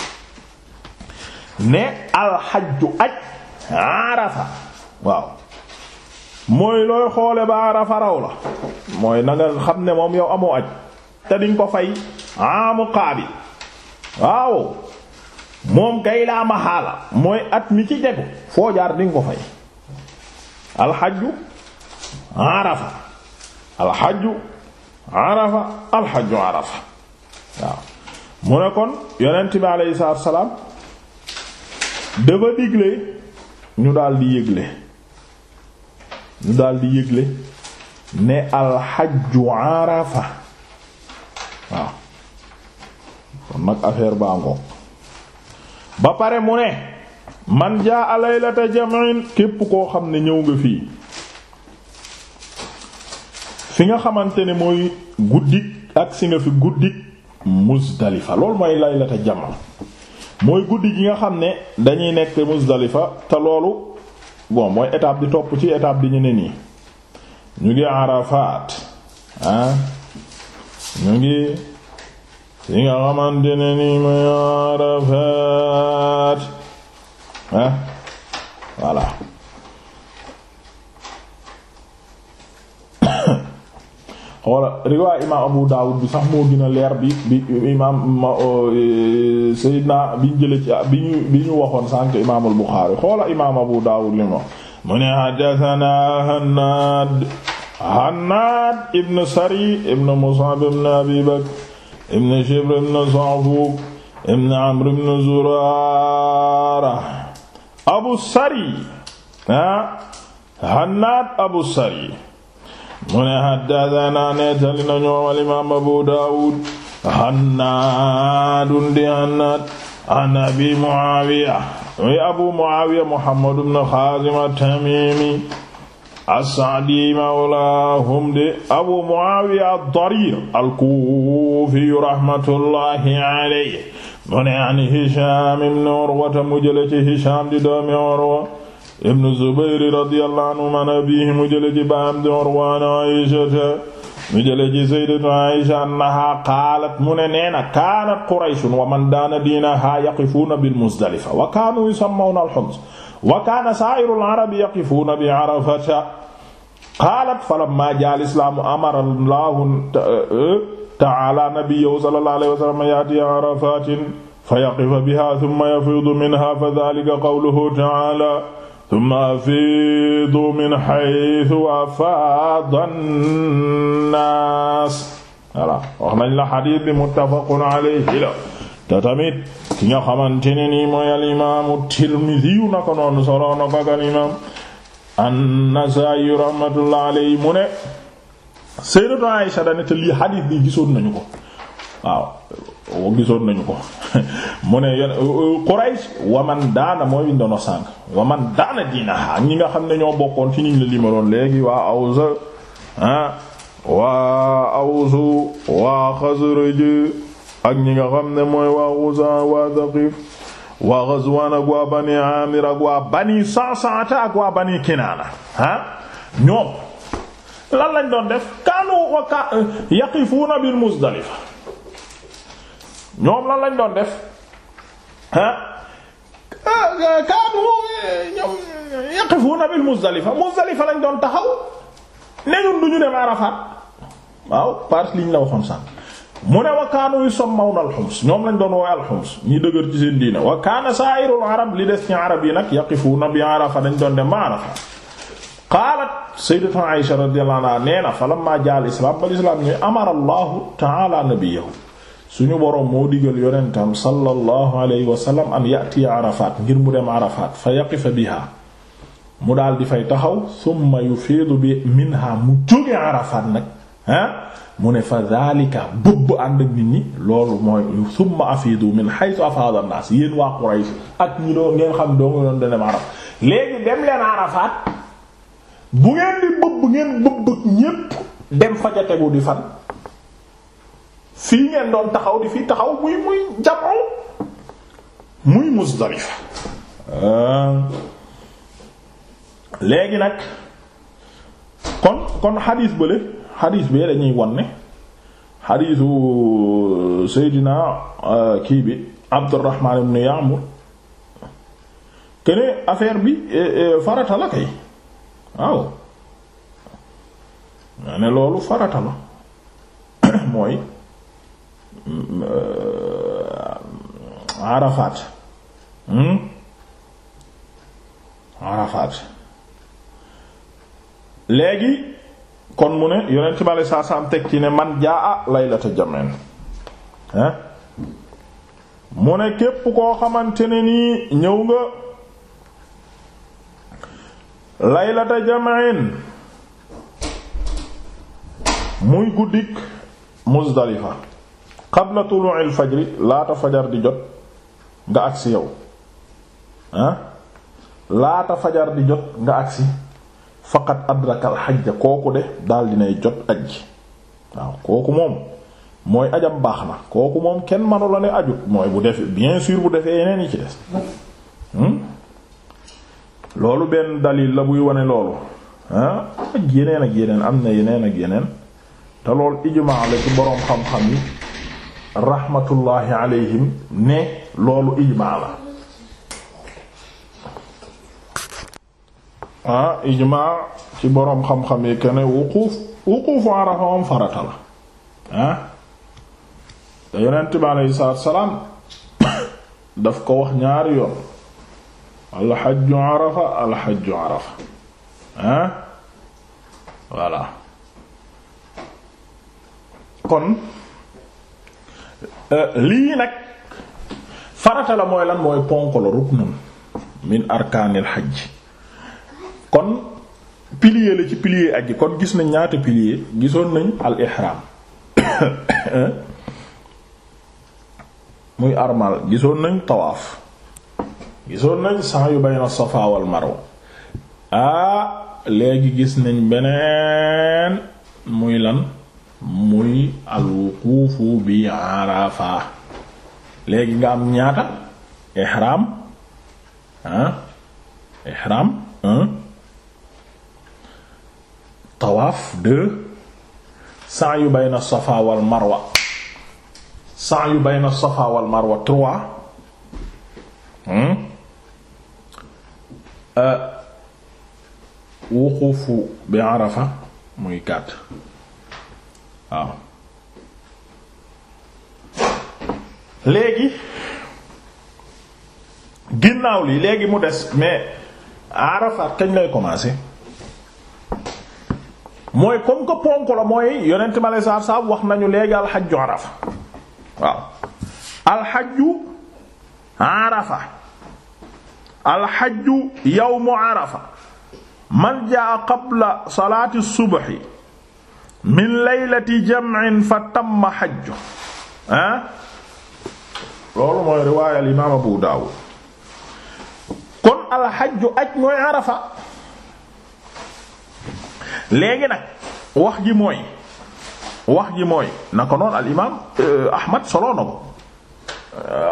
ne alxajju aj arafa waaw mooy looy xoole ba arafa raw la mooy na xam ne moom yow amoo aj te diñ ko fay amu qaabi waaw moom kay laa maxaala mooy at mi ci degu foo jaar diñ ko fay alxajju arafa alxajju arafa alxajju arafa waaw mu ne kon yonent bi aleyhi dafa digle ñu daldi yëgle ñu daldi yëgle ne alxajju arafa waaw kon nag affaire baa ngoog ba pare mu ne man jaa laylata jam'in képp koo xam ne ñëw nga fii fi nga xamante ne mooy guddik ak si nga fi guddik Muzdalifa loolu mooy laylata jamal mooy guddi gi nga xam ne dañuy nekk Muzdalifa te loolu bon mooy étape di topp ci étape di ñu ne nii ñu ngi Arafat ah ñu ngi ci nga xamante nii mooy Arafat ah voilà xoola riwaay imaam Abu Dawud bi sax moo gën a leer bi bi imaam e, Seydina bi ñu jëlee ci bi ñu bi ñu waxoon sànk imaamul Buxaari xoola imaam Abu Dawud li mu mu ne haddasanaa Hannaad Hannaad ibn Sari ibn Mus'ab ibn Abi Bakr ibn Shibr ibn Sa'fuuk ibn Amr ibn Zuraara Abu Sari ah Hannaad Abu Sari mu ne haddathana nettali nañu wal imaam Abu Daawud Hannaadun di Hannaad an Abi Muawiya muy Abu Muawiya Muhammad ibn Xaazim at-Tamiimi as-Sa'di mawlaahum di Abu Muawiya ad-Dariir al-Kuufi rahmatullahi alayhi mu ne an Hishaam ibn Urwa mu jële ci Hishaam di doomi Urwa ibnu zubayri radiyallahu anhu man abiihi mu jële ci baam di urwaan aysata mu jële ci sayyidatu aysa annaha qaalat mu ne nee na kaanat qurayshun wa man daana diinaha yaqifuuna bil muzdalifa wa kaanu yusammawna al-hums wa kaana saa'iru al-arabi yaqifuuna bi arafata qaalat falammaa jaa al-islaamu amara allahu ta'aala nabiyyahu sallallahu alayhi wa sallam yaati arafatin fa yaqifa biha thumma yafiidu minha fa dhaalika qawluhu ta'aala summa afiidu min haythu afaada an-naas voilà wax nañ la xadiis bi muttafaqun alayhi la te tamit ki nga xamante ne nii mooy al imaamu Tirmidi yu na ko noonu solo na ko ak imaam an-Nasaa'i rahmatullahi alayhi mu ne Sayyidatu Aysa dane te lii xadiis bi gisoon nañu ko waaw ko gisoon nañu ko mu ne yéen euh, euh, Quraysh waman daana mooy wiñ doon sànq waman daana diinaha ñi nga xam ne ñoo bokkoon ci niñ la limaloon léegi waa Awza ah waa ak ñi nga xam ne mooy waa Xuzaa waa Saqif waa Ghazwaan ak waa Bani Aamir ak waa Bani Sa'sa'ata ak waa Bani Kinaana ah ñoom lan lañ doon def kaanu yaqifuuna bil Muzdalifa ñoom lan lañ doon def ah kaanu ñoom yaqifuuna bil Muzdalifa Muzdalifa lañ doon taxaw ne ñun du ñu dem Arafat waaw parce que liñ la waxoon sànq mu ne wa kaanu yusammawna al-Hums ñoom lañ doon woowe ñi dëgër ci seen diina wa kaana saa'irul arab li des ci arab yi nag yaqifuuna bi Arafat dañ doon dem ba Arafat qaalat sayyidatu Aisha radiyallahu anha nee na falammaa jaa al-islaam bal islaam ñooy amara tala ta'aala nabiyyahu suñu boroom moo digal yonentam sallallahu alayhi wa an yatiya arafaat ngir mu dem arafaat fa yaqifa biha mu daal di fay taxaw summa yufiidu bi minha mu jóge arafaat nag ah mu ne fa daalika bëbb ànd ak nit loolu mooy summa afiidu min haythu afaada naas yéen waa Quraysh ak ñi doo ngeen xam doo nga doon dem arafaat léegi dem leen arafaat bu ngeen di bëbb ngeen bëbb ñépp dem fa ca di fan fii ngeen doon taxaw di fii taxaw muy muy jamoo muy Muzdalifa ah. léegi nag kon kon xadiis bële xadiis bee dañuy won ne xadiisu Seydina ah, kii bi Abdurrahman ibn Ya'mur kene affaire bi e, e, farata la kay waaw ne loolu farata la mooy Euh, Arafat hmm? Arafat léegi kon mu ne yonent bi aleyhi salaatu salaam teg ci ne man jaa laylata jam'in hein mu ne képp koo xamante ne nii ñëw nga laylata jam'in muy guddik Muzdalifa qabla tulu'il fajri laata fajar di jot nga agsi yow laata fajar di jot nga agsi faqat adrakal xajja kooku de daldi dinay jot ajji waaw kooku moom mooy ajam baax na kooku moom kenn manu la ne ajut mooy bu def bien sûr bu defee yeneen yi ci des hmm? loolu benn dalil la buy wane loolu ah yeneen ak yeneen am na yeneen ak yeneen te lool ijmaa la ci boroom xam-xam yi raxmatullahi alayhim ne loolu ijmaa la ah, ijmaa ci boroom xam-xam yi kenn wuquuf wuquufu Arafa moom farata la ah te yonent bi salaam daf ko wax ñaari yoon alxajju Arafa alxajju Arafa ah voilà kon Euh, lii nag farata la mooy lan mooy ponk la ruknun min arkaanil hajj kon pilier la ci pilier ak yi kon gis nañ ñaata pilier gisoon nañ al ihram muy armal gisoon nañ tawaaf gisoon nañ sa'yu bayna safa wal marwa ah, léegi gis nañ beneen muy lan muy alwuquufu bi Arafa léegi nga am ñaata ihram ah ihram un tawaaf deux sa'yu bayna safa wal marwa sa'yu bayna safa wal marwa trois hmm. euh, wuquufu bi Arafa muy quatre waaw léegi ginnaaw li léegi mu des mais Arafat kañ lay commencer mooy comme que ponk la mooy yonent ma lay saab saab wax nañu léegi alxajju Arafa waaw alxajju Arafa alxajju yawmu Arafa man jaa qabla salaati subhi min laylati jam'in fa tamma hajju ah loolu mooy riwaaya al Abu Daawud kon al hajju aj mooy arafa léegi nag wax ji mooy wax ji mooy na ko noon al imaam eh, Ahmad ko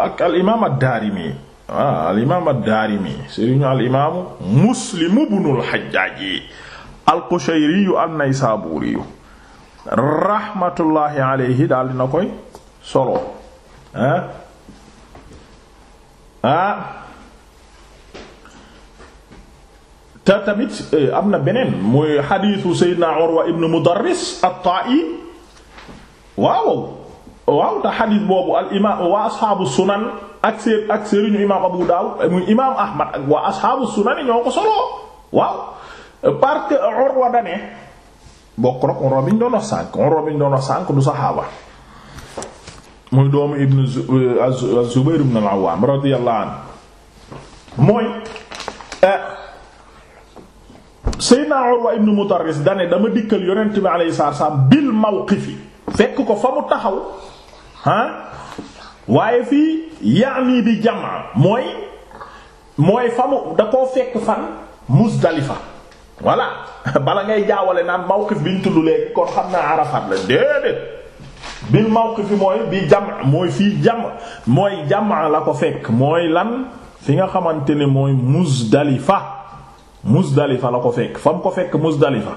ak al imaam ad-Daarimi ah al imaam ad-Daarimi sëriñu al imaam al-Qushayri rahmatullahi alayhi daal dina koy solo ah ah te tamit eh, am na beneen muy xadiisu Seydina Urwa ibn Mudarris at-Ta'i waaw waaw te xadiis boobu al imaam waa asxaabu sunan ak seen ak seeruñu imaam Abu Daawud eh, muy imaam Ahmad ak waa asxaabu sunan ñoo ko solo waaw parce que Urwa da ne bokk rok Urwa bi ñu doon du saxaaba muy doomu ibn euh, Zubayr ibn al-Awwam radiyallahu anhu mooy euh, Seydina Urwa ibn Mutarris dane dama dikkal yonent bi alayhi salaam bil mawqifi fekk ko fa mu taxaw ah waaye fii yaani bi jamaa mooy mooy fa mu da koo fekk fan Muzdalifa voilà bala ngay jaawale naan mawqif bi ñu tudd léegi kon xam naa Arafat la déedéet bil mawqif mooy bi jam mooy fii jam mooy jamaa la ko fekk mooy lan fi nga xamante ne mooy Muzdalifa Muzdalifa la ko fekk fa mu ko fekk Muzdalifa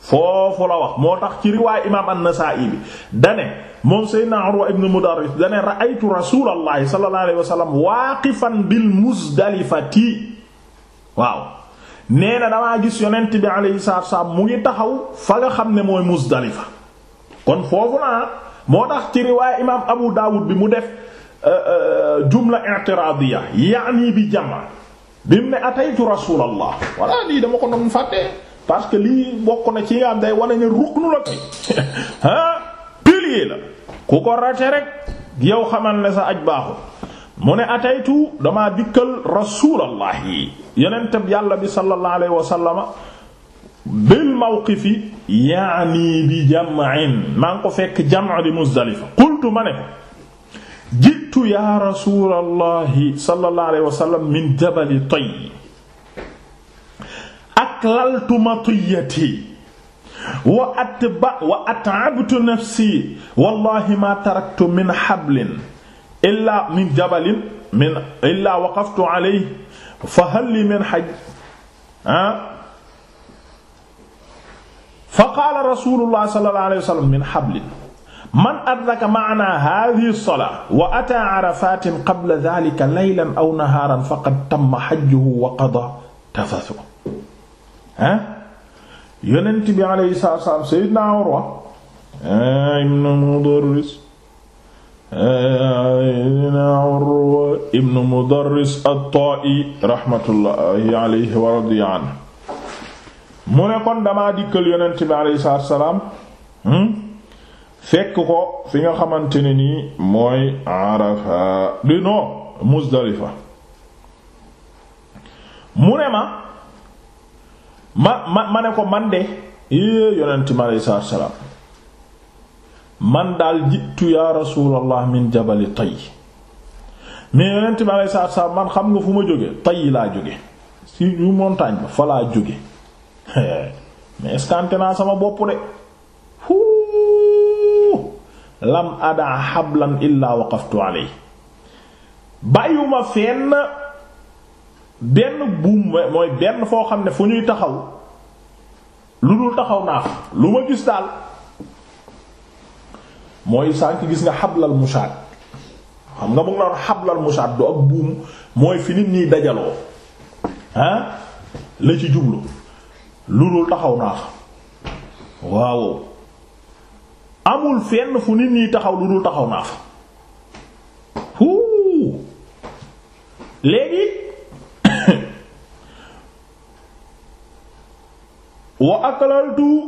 foofu la wax moo tax ci riwaay imaam an-Nasaa'i bi dane moom Seydina Urwa ibn Mudarris dane ra'aytu rasuulallahi sallallahu alayhi wa sallam waaqifan bil Muzdalifati waaw nee na damaa gis yonent bi alayhi salaatu wasallam mu ngi taxaw fa nga xam ne mooy Muzdalifa kon foofu naa moo tax ci riwaaya imaam Abu Dawud bi mu def euh, euh, jumla i'tiraadiya yaani bi jama bi mu ne ataytu rasuulallah walla lii dama ko doon fàtte parce que lii bokk na ci nga am day wane ne ruknu la tey ah pilier la ku ko rate rek yow xamal ne sa aj baaxul mu ne ataytu damaa dikkal rasulallahi yonente yàlla bi sallallahu alayhi wa sallama bil mawqifi yaani bi jam'in maa ngi ko fekk jam'a di Muzdalifa qultu ma ne ko jitu ya rasulallahi sallallahu alayhi wa sallam min jabali Tayy aklaltu matiyati wa atba wa at'abtu nafsi wallahi ma taraktu min hablin illaa min jabalin min illaa waqaftu alayhi fa hal li min haj fa qaala rasulullah sallallahu alayhi wa sallam min hablin man adraka ma'ana hadhihi as-salaa wa ataa arafatin qabla dhalika laylan aw nahaaran faqad tamma hajjuhu wa qadaa tafathu ah yonent bi alayhi salaam sayyidina Urwa eh, ibn Mudarris Seydina Urwa ibnu Mudarris at-Taa'i rahmatullahi alayhi wa radiya anhu mu ne kon damaa dikkal yonent bi alayhi salaatu wa salaam hmm? fekk ko fi nga xamante ne nii mooy Arafa di noo Muzdalifa mu ne ma ma ma ma ne ko man de yonent bi alayhi salaatu wa salaam man daal jittu yaa rasuulallah min jabali tay mais yonent bi aleyhi salaatu salaam man xam nga fu ma jóge tay laa jóge si ñu montagne ba fa laa jóge mais eskante naa sama bopp de huu lam adaa xablan illaa waqaftu aley bàyyuma fenn benn buum mooy benn foo xam ne fu ñuy taxaw lu dul taxaw naa fa lu ma gis daal mooy sànk gis nga xablal mushaat xam nga mu ngi naan xablal mushaat du ak buum mooy fi nit ñiy dajaloo ah la ci jublu lu dul taxaw naax waaw amul fenn fu nit ñiy taxaw lu dul taxaw naax huu léegi wa akalaltu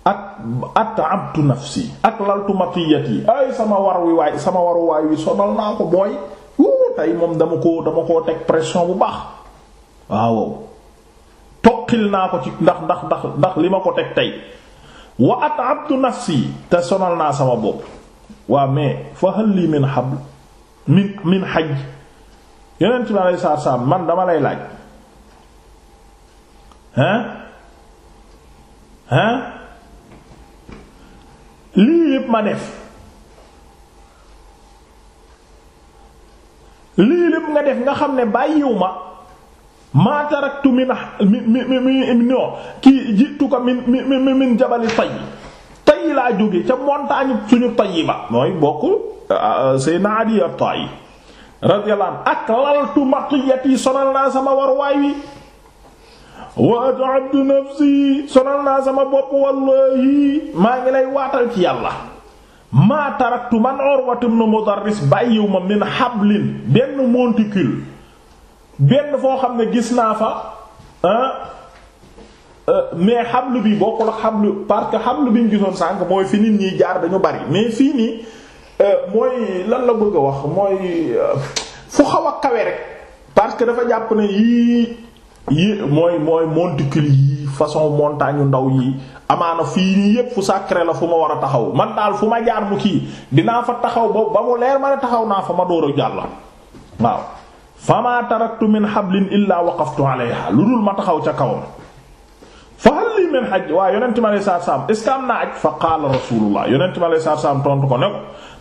ak at'abtu nafsi ak laltu matiyati ay sama war wi waay sama waru waay wi sonal naa ko booy wuu tey moom dama ko dama ko teg pression bu baax waaw toqil naa ko ci ndax ndax ndax ndax li ma ko teg tey wa at'abtu nafsi te sonal naa sama bopp waa mais fa hal li min habl min min hajj yeneen ci ma lay saar saar man dama lay laaj hein hein lii yépp ma def lii lépp nga def nga xam ne bàyyiw ma maa taraktu ah, min mi mi mi mi non kii jiitu mi mi jabali tay tay laa jóge ca montagne suñu tay ba mooy bokk Seydina Adi at-Ta'i radiyallahu anhu ak laltu maqiyati sonal naa sama war waay wi waatu abdu nafsi sonal naa sama bopp wallahi maa ngi lay waatal ci yàlla maa taraktu man urwatum na mudarris bàyyiw ma min hablin benn monticule benn foo xam ne gis naa fa ah, ah, mais xablu bi bokkul ak xablu parce que xablu bi ñu gisoon sànq mooy fi nit ñiy jaar dañu bari mais fii nii euh, mooy lan la bëgg a wax mooy euh, fu xaw kawe rek parce que dafa jàpp ne yii yi mooy mooy monticule yi façon montagne ndaw yi amaana fii nii yépp fu sacré la fu ma war a taxaw man daal fu ma jaar mu kii dinaa fa taxaw ba ba mu leer ma ne taxaw naa fa ma door a jàll waaw fama taraktu min hablin illaa waqaftu alayha lu dul ma taxaw ca kaw fa hal li min hajj waaw yonent mi alayhi salaatu am naa aj fa qaala rasulullah yonent mi alayhi tontu ko ne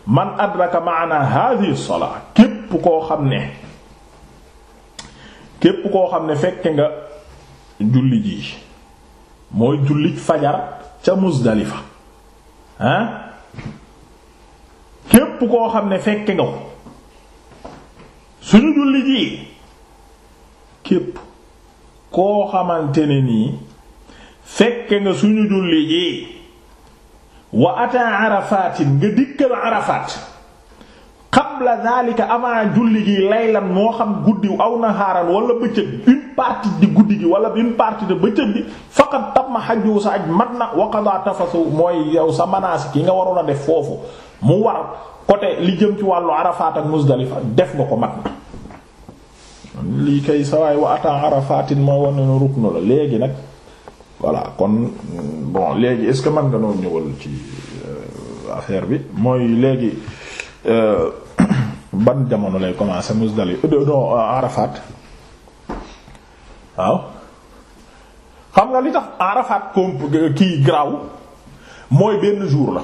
man adraka ma'ana hadhihi as képp koo xam ne képp koo xam ne fekke nga julli ji mooy jullit fajar ca Muzdalifa képp koo xam ne fekke nga ko suñu julli ji képp koo xamante ne nii fekke nga suñu julli ji wa ata arafatin nga dikkal arafat qabla dhalika avant julli gi laylan moo xam guddi aw nahaaran wala bëccëg une partie di guddi gi wala une partie de bëccëg bi faqad tamma hajju sa aj mat na wa qada tafasu mooy yow sa manaasik yi nga waroon a def foofu mu war côté li jëm ci wàllu Arafat ak Muzdalifa def nga ko mat na lii kay sawaay wa atan arafatin mooy war nenu ruknu la léegi nag voilà kon bon léegi est-ce que mën nga noo ñëwal ci euh, affaire bi mooy léegi euh, ban jamono lay commencer Muzdalifa euh, non euh, Arafat waaw xam nga li tax Arafat comp kii graw mooy benn jour la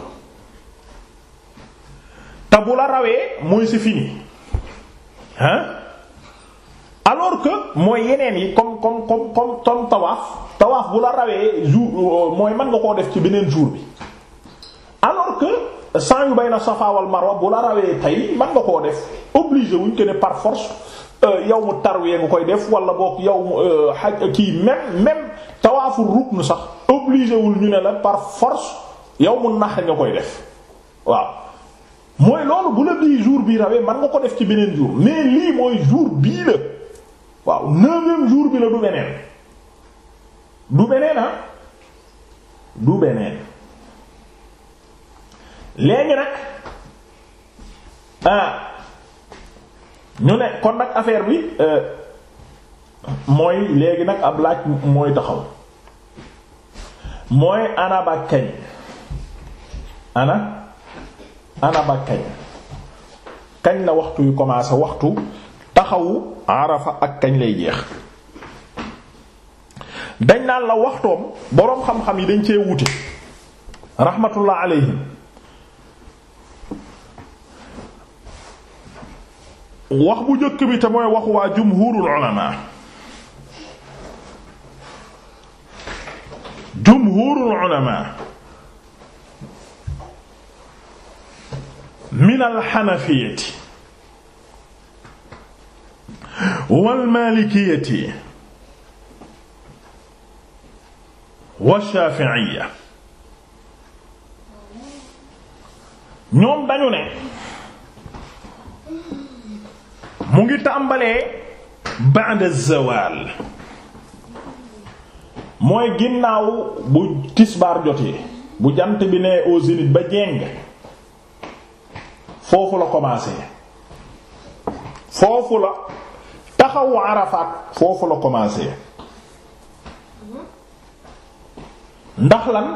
te bu la rawee mooy c'est fini hein alors que mooy yeneen yi comme comme comme comme comme tawaaf bu la rawee jour euh, mooy mën nga koo def ci beneen jour bi alors que sa'yu bayna safa wal marwa bu la rawee tey man nga koo def obligé wuñ ko ne par force euh, yow mu tarwee nga koy def wala boog yow mu xaj euh, kii même même tawaafu rukn sax obligé wul ñu ne la par force yow mu nax nga koy def waaw mooy loolu bu la bii jour bii rawee man nga ko def ci beneen jour mais lii mooy jour bii la waaw neuvième jour bi la du beneen du beneen ah. du beneen léegi nag ah, ñu ne kon nag affaire bi euh, mooy léegi nag ab laaj mooy taxaw mooy ana ba kañ ana ana kañ kañ la waxtu yu commencé waxtu taxawu arafa ak kañ lay jeex dañ naan la waxtoom boroom xam-xam yi dañ cee wuute rahmatullah alayhim wax bu njëkk bi te mooy waxu waa jumhurul ulama jumhurul ulama min alxanafiati walmalikiati walshaafiiya ñoom dañu ne mu ngi tàmbalee ba'da zawaal mooy ginnaaw bu tisbaar jotee bu jant bi ne au ba jeng foofu la commencé foofu la taxawu Arafat foofu la commencé ndax lan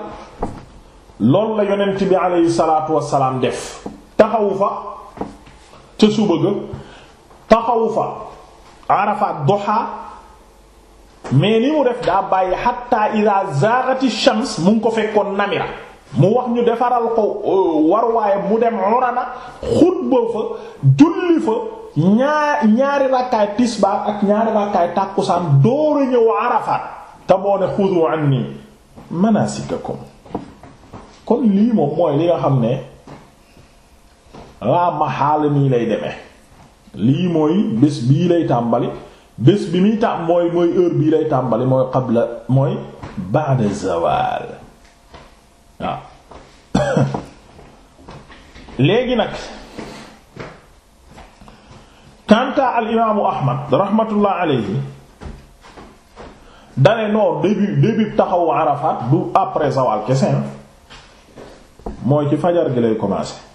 loolu la yonent bi aleyhi salaatu wassalaam def taxawu fa ca suba ga taxawu fa Arafat duha mais li mu def daa bàyyi hatta ila zaghati shams mu ngi ko fekkoon Namira mu wax ñu defaral ko euh, warwaay mu dem Urana xutba fa julli fa ñaar ñaari rakkaay tisbaar ak ñaari rakkaay tàkkusaan door a ñëw Arafat te moo ne xudu anni manasikakum kon lii moom mooy li nga xam ne la maxaala nii lay demee lii mooy bés bii lay tàmbali bés bi muy tàm mooy mooy heure bii lay tàmbali mooy xabla mooy ba'da zawal waaw léegi nag kanta al imaamu ahmad rahmatullah alayhi dane noor début début taxawu arafat du après zawal kese mooy ci fajar gi lay commencer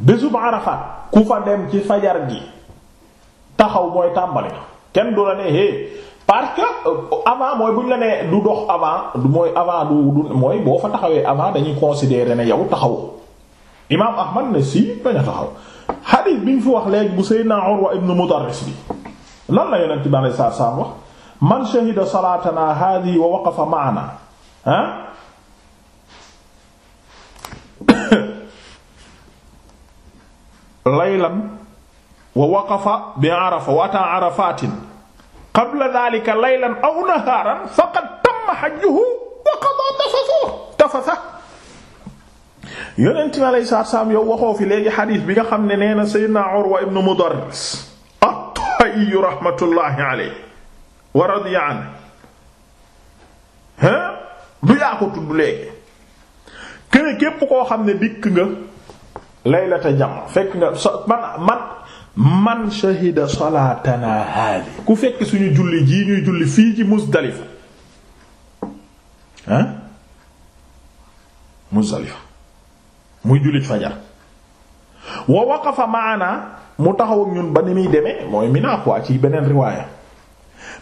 bésub Arafat ku fa dem ci fajar gi taxaw mooy tàmbali kenn du la ne hé parce que euh, avant mooy bu ñu la nee du dox avant mooy avant du du mooy boo fa taxawee avant dañuy considérer ne yow taxawoo imaam Ahmad ne si bañ taxaw hadith bi ñu fi wax léegi bu Seydina Urwa ibn Mutarris bi lan la yonent bi alayhi salaatu wax man shahida salaatana hadhihi wa waqafa ma'ana ah laylan wa waqafa bi arafa wa ata arafatin qabla dhalika laylan aw naharan faqad tamma hajjuhu wa qada nafasuhu tafasa yonent mi alayhi salaatu salaam yow waxoo fi léegi xadiis bi nga xam ne nee na sayyidina Urwa ibn Mudarris at-Ta'i rahmatullahi alayhi wa radiya anhu ha du yaa ko tudd léegi kene képp koo xam ne dikk nga laylata jam fekk nga so man man man shahida salaatana ku fekk suñu julli jii ñuy julli fii ci Muzdalifa ah Muzdalifa muy jullit fajar wa waqafa maana mu taxaw ñun ba ni muy deme mooy Mina ci beneen riwaaya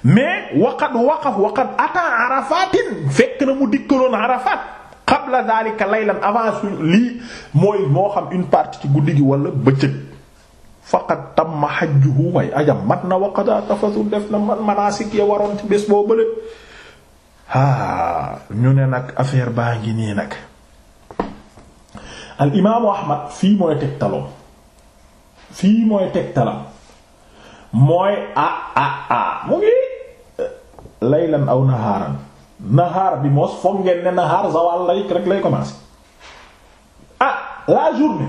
mais waqad waqaf waqad ata arafatin fekk na mu dikkaloon arafat qabla zalika laylan avant suñu lii mooy moo xam une partie ci guddi gi wala bëccëg faqad tamma hajjuhu way ajam mat na wa tafasu def na manasik ya waroon ci bés boo bële ah ñu ne nag affaire baa ngi nii nag al imaamu ahmad fii mooy tegtaloom fii mooy tegtalam mooy ah, ah, ah, mu ngi laylan aw nahaaran nahaar bi moos foog ngeen ne nahaar zawal lay rek lay commencer ah la journée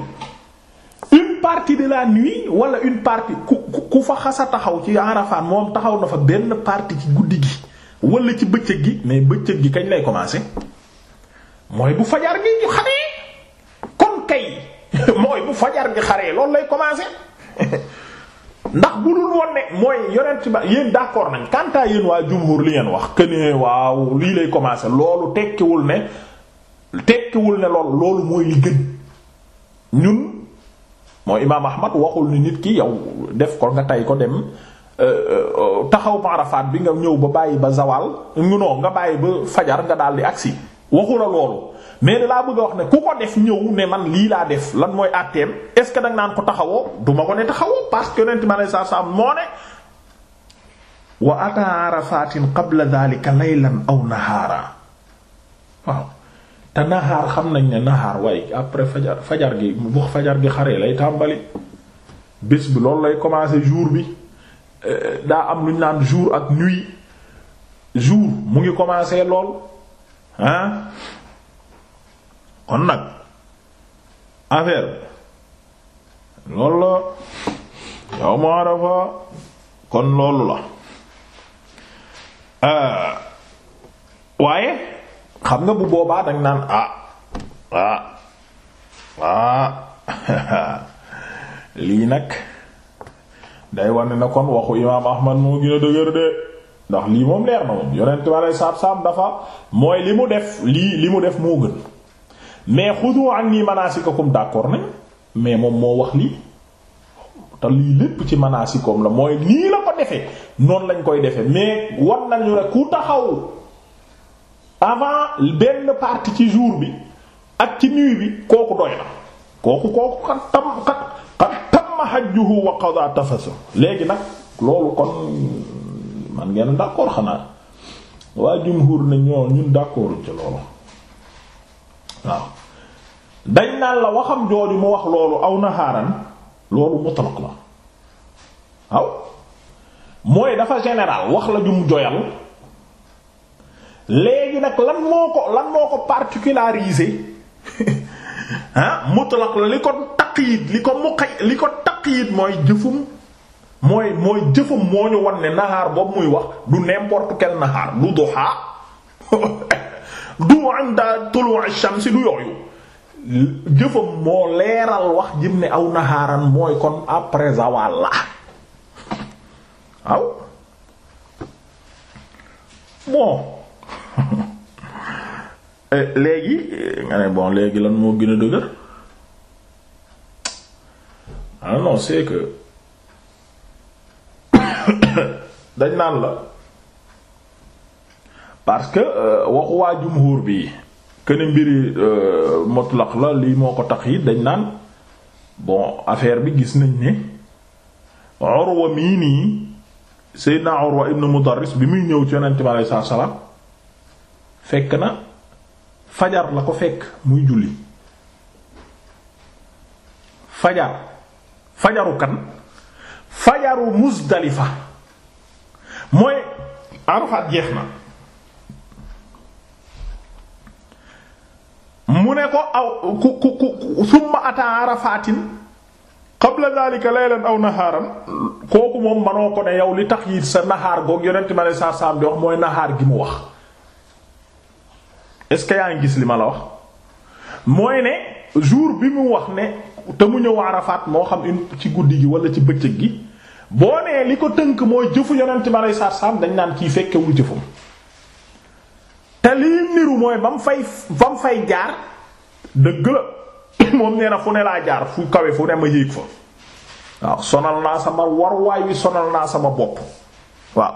une partie de la nuit wala une partie ku ku fa xasa taxaw ci arafaan moom taxaw na fa benn partie ci guddi gi wala ci bëccëg gi mais bëccëg gi kañ lay commencer mooy bu fajar gi ñu kon kay mooy bu fajar gi xaree loolu lay commencer ndax bu dul woon ne mooy yonent ba yéen d'accord nañ quant à yéen waa jumhur li ngeen wax que ne waaw lii lay commencer loolu tekkiwul ne tekkiwul ne loolu loolu mooy li gën ñun mooy imaam Ahmad waxul ni nit ki yow def ko nga tey ko dem euh, euh, taxaw Arafat bi nga ñëw ba bàyyi ba zawal noo nga bàyyi ba fajar nga di agsi waxula loolu mais dalaa bëgg a wax ne ku ko def ñëw ne man lii laa def lan mooy àtteem est ce que danga naan ko taxawoo du ko ne taxawoo parce que yonent mi alayhi salaam moo ne wa ata arafatin qabla dhalika xam nañ ne nahaar waaye après fajar fajar gi fajar gi xaree lay tàmbali bés bi loolu lay commencer jour bi euh, daa am lu ñu naan jour ak nuit jour mu ngi commencer lool ah kon nag affaire loolu la yow mu Arafa kon loolu la euh, waaye xam nga bu boobaa danga naan ah ah ah lii nag day wane na kon waxu imaam Ahmad moo gën a dëgër de ndax lii moom leer na moom yonent bi aleyhi salaatu dafa mooy li mu def lii li mu def moo gën mais xudu anni manasikakum d'accord nañ mais moom moo wax lii te lii lépp ci manasikoom la mooy nii la ko defee noonu lañ koy defee mais wan nañu ne ku taxaw avant benn partie ci jour bi ak ci nuit bi kooku doy na kooku kooku xat tam xat xat tamma hajjuhu wa qada tafasu léegi nag loolu kon man ngeen d'accord xanaa waa jumhur ne ñoo ñun d'accord ci loolu waaw dañ naan la waxam jooju mu wax loolu aw naxaaran loolu mutlaq la waaw mooy dafa général wax la ju mu joyal léegi nag lan moo ko lan moo ko particularisé ah mutlaq la li ko taqyid li ko muqay li ko taqyid mooy jëfum mooy mooy jëfum moo ñu wax ne naxaar boobu muy wax du n'importe quel naxaar du duha du anda tulu ash-shams du yooyu jëfam moo leeral wax jëm ne aw naxaaran mooy kon après zawal la waaw bon eh, léegi eh, nga ne bon léegi lan moo gën a dëgër ah non c'est que dañ naan la parce que euh, waxu waa jumhur bi këni mbiri euh, mutlaq la lii moo ko tax yi dañ naan bon affaire bi gis nañ ne Urwa mii nii Seydina Urwa ibn Mudarris bi muy ñëw ci yonent bi aleyhi salaatu fekk na fajar la ko fekk muy julli fajar fajaru kan fajaru Muzdalifa mooy Arafat jeex na mu ne ko aw ku ku ku summa ataa arafaatin qabla daalika laylan aw naxaaran kooku moom manoo ko ne yow li tax yi sa naxaar goog yonent ma ne saa saam di wax mooy naxaar gi mu wax est-ce que yaa ngi gis li ma la wax mooy ne jour bi mu wax ne te mu ñëw arafaat moo xam une ci guddi gi wala ci bëccëg gi boo nee li ko tënk mooy jëfu yonent ma lay saa saam dañ naan ciy fekkewul jëfam te lii niru mooy ba mu fay ba mu fay jaar dëgg la moom nee na fu ne laa jaar fu kawe fu ne ma yéeg fa waaw sonal naa sama warwaay wi sonal naa sama bopp waaw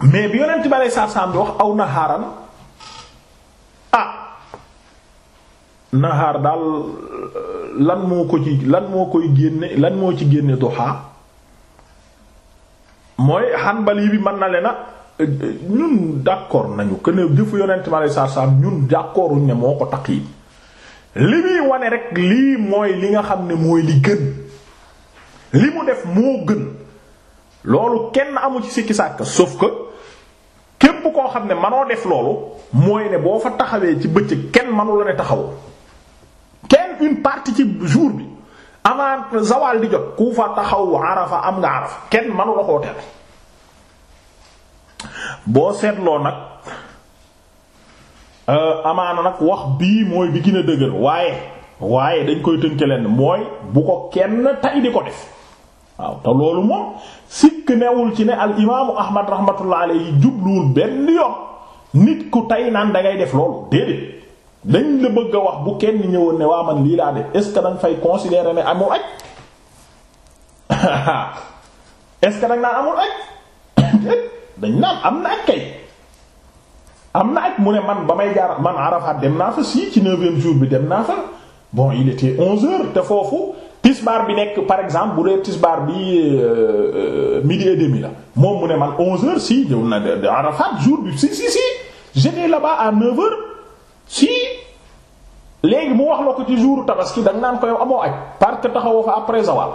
mais bi yonent bi saa saa bi wax aw naxaaran ah naxaar daal lan moo ko ci lan moo koy génne lan moo ci génne duha mooy Hanbali bi man na leen a ñun d'accord nañu que ne jëfu yonent mi alayhi salaatu salaam ñun d'accorduñ ne moo ko taqyiid li muy wane rek lii mooy li nga xam ne mooy li gën li mu def moo gën loolu kenn amu ci sikki sàkk sauf que képp koo xam ne manoo def loolu mooy ne boo fa taxawee ci bëccëg kenn manu la ne taxawoo kenn une parti ci jour bi avant zawal di jot ku fa taxaw arafa am nga arafa kenn manu la koo tere boo seetloo nag euh, amaana nag wax bii mooy bi gën a dëgër waaye waaye dañ koy tënke mooy bu ko kenn tay di ko def waaw te loolu moom sikk newul ci ne al imaamu ahmad rahmatullah alayhi jubluwul benn yoon nit ku tay naan dangay ngay def loolu déedéet dañ la bëgg a wax bu kenn ñëwoon ne waa man lii laa def est-ce fay considérer ne amul aj est-ce naan amul aj dañ naan am na aj kay am na aj mu ne man ba may jaar man Arafat dem naa fa si ci neuvième jour bi dem naa fa bon il était onze heures te foofu tisbaar bi nekk par exemple bu dee tisbaar bi euh, euh, midi et demi la moom mu ne man onze heures si ñëw na de Arafat jour bi si si si j'étais là-bas à neuf heures si léegi mu wax la ko ci jour tabaski da nga naan ko amoo aj parce que taxawoo fa après zawal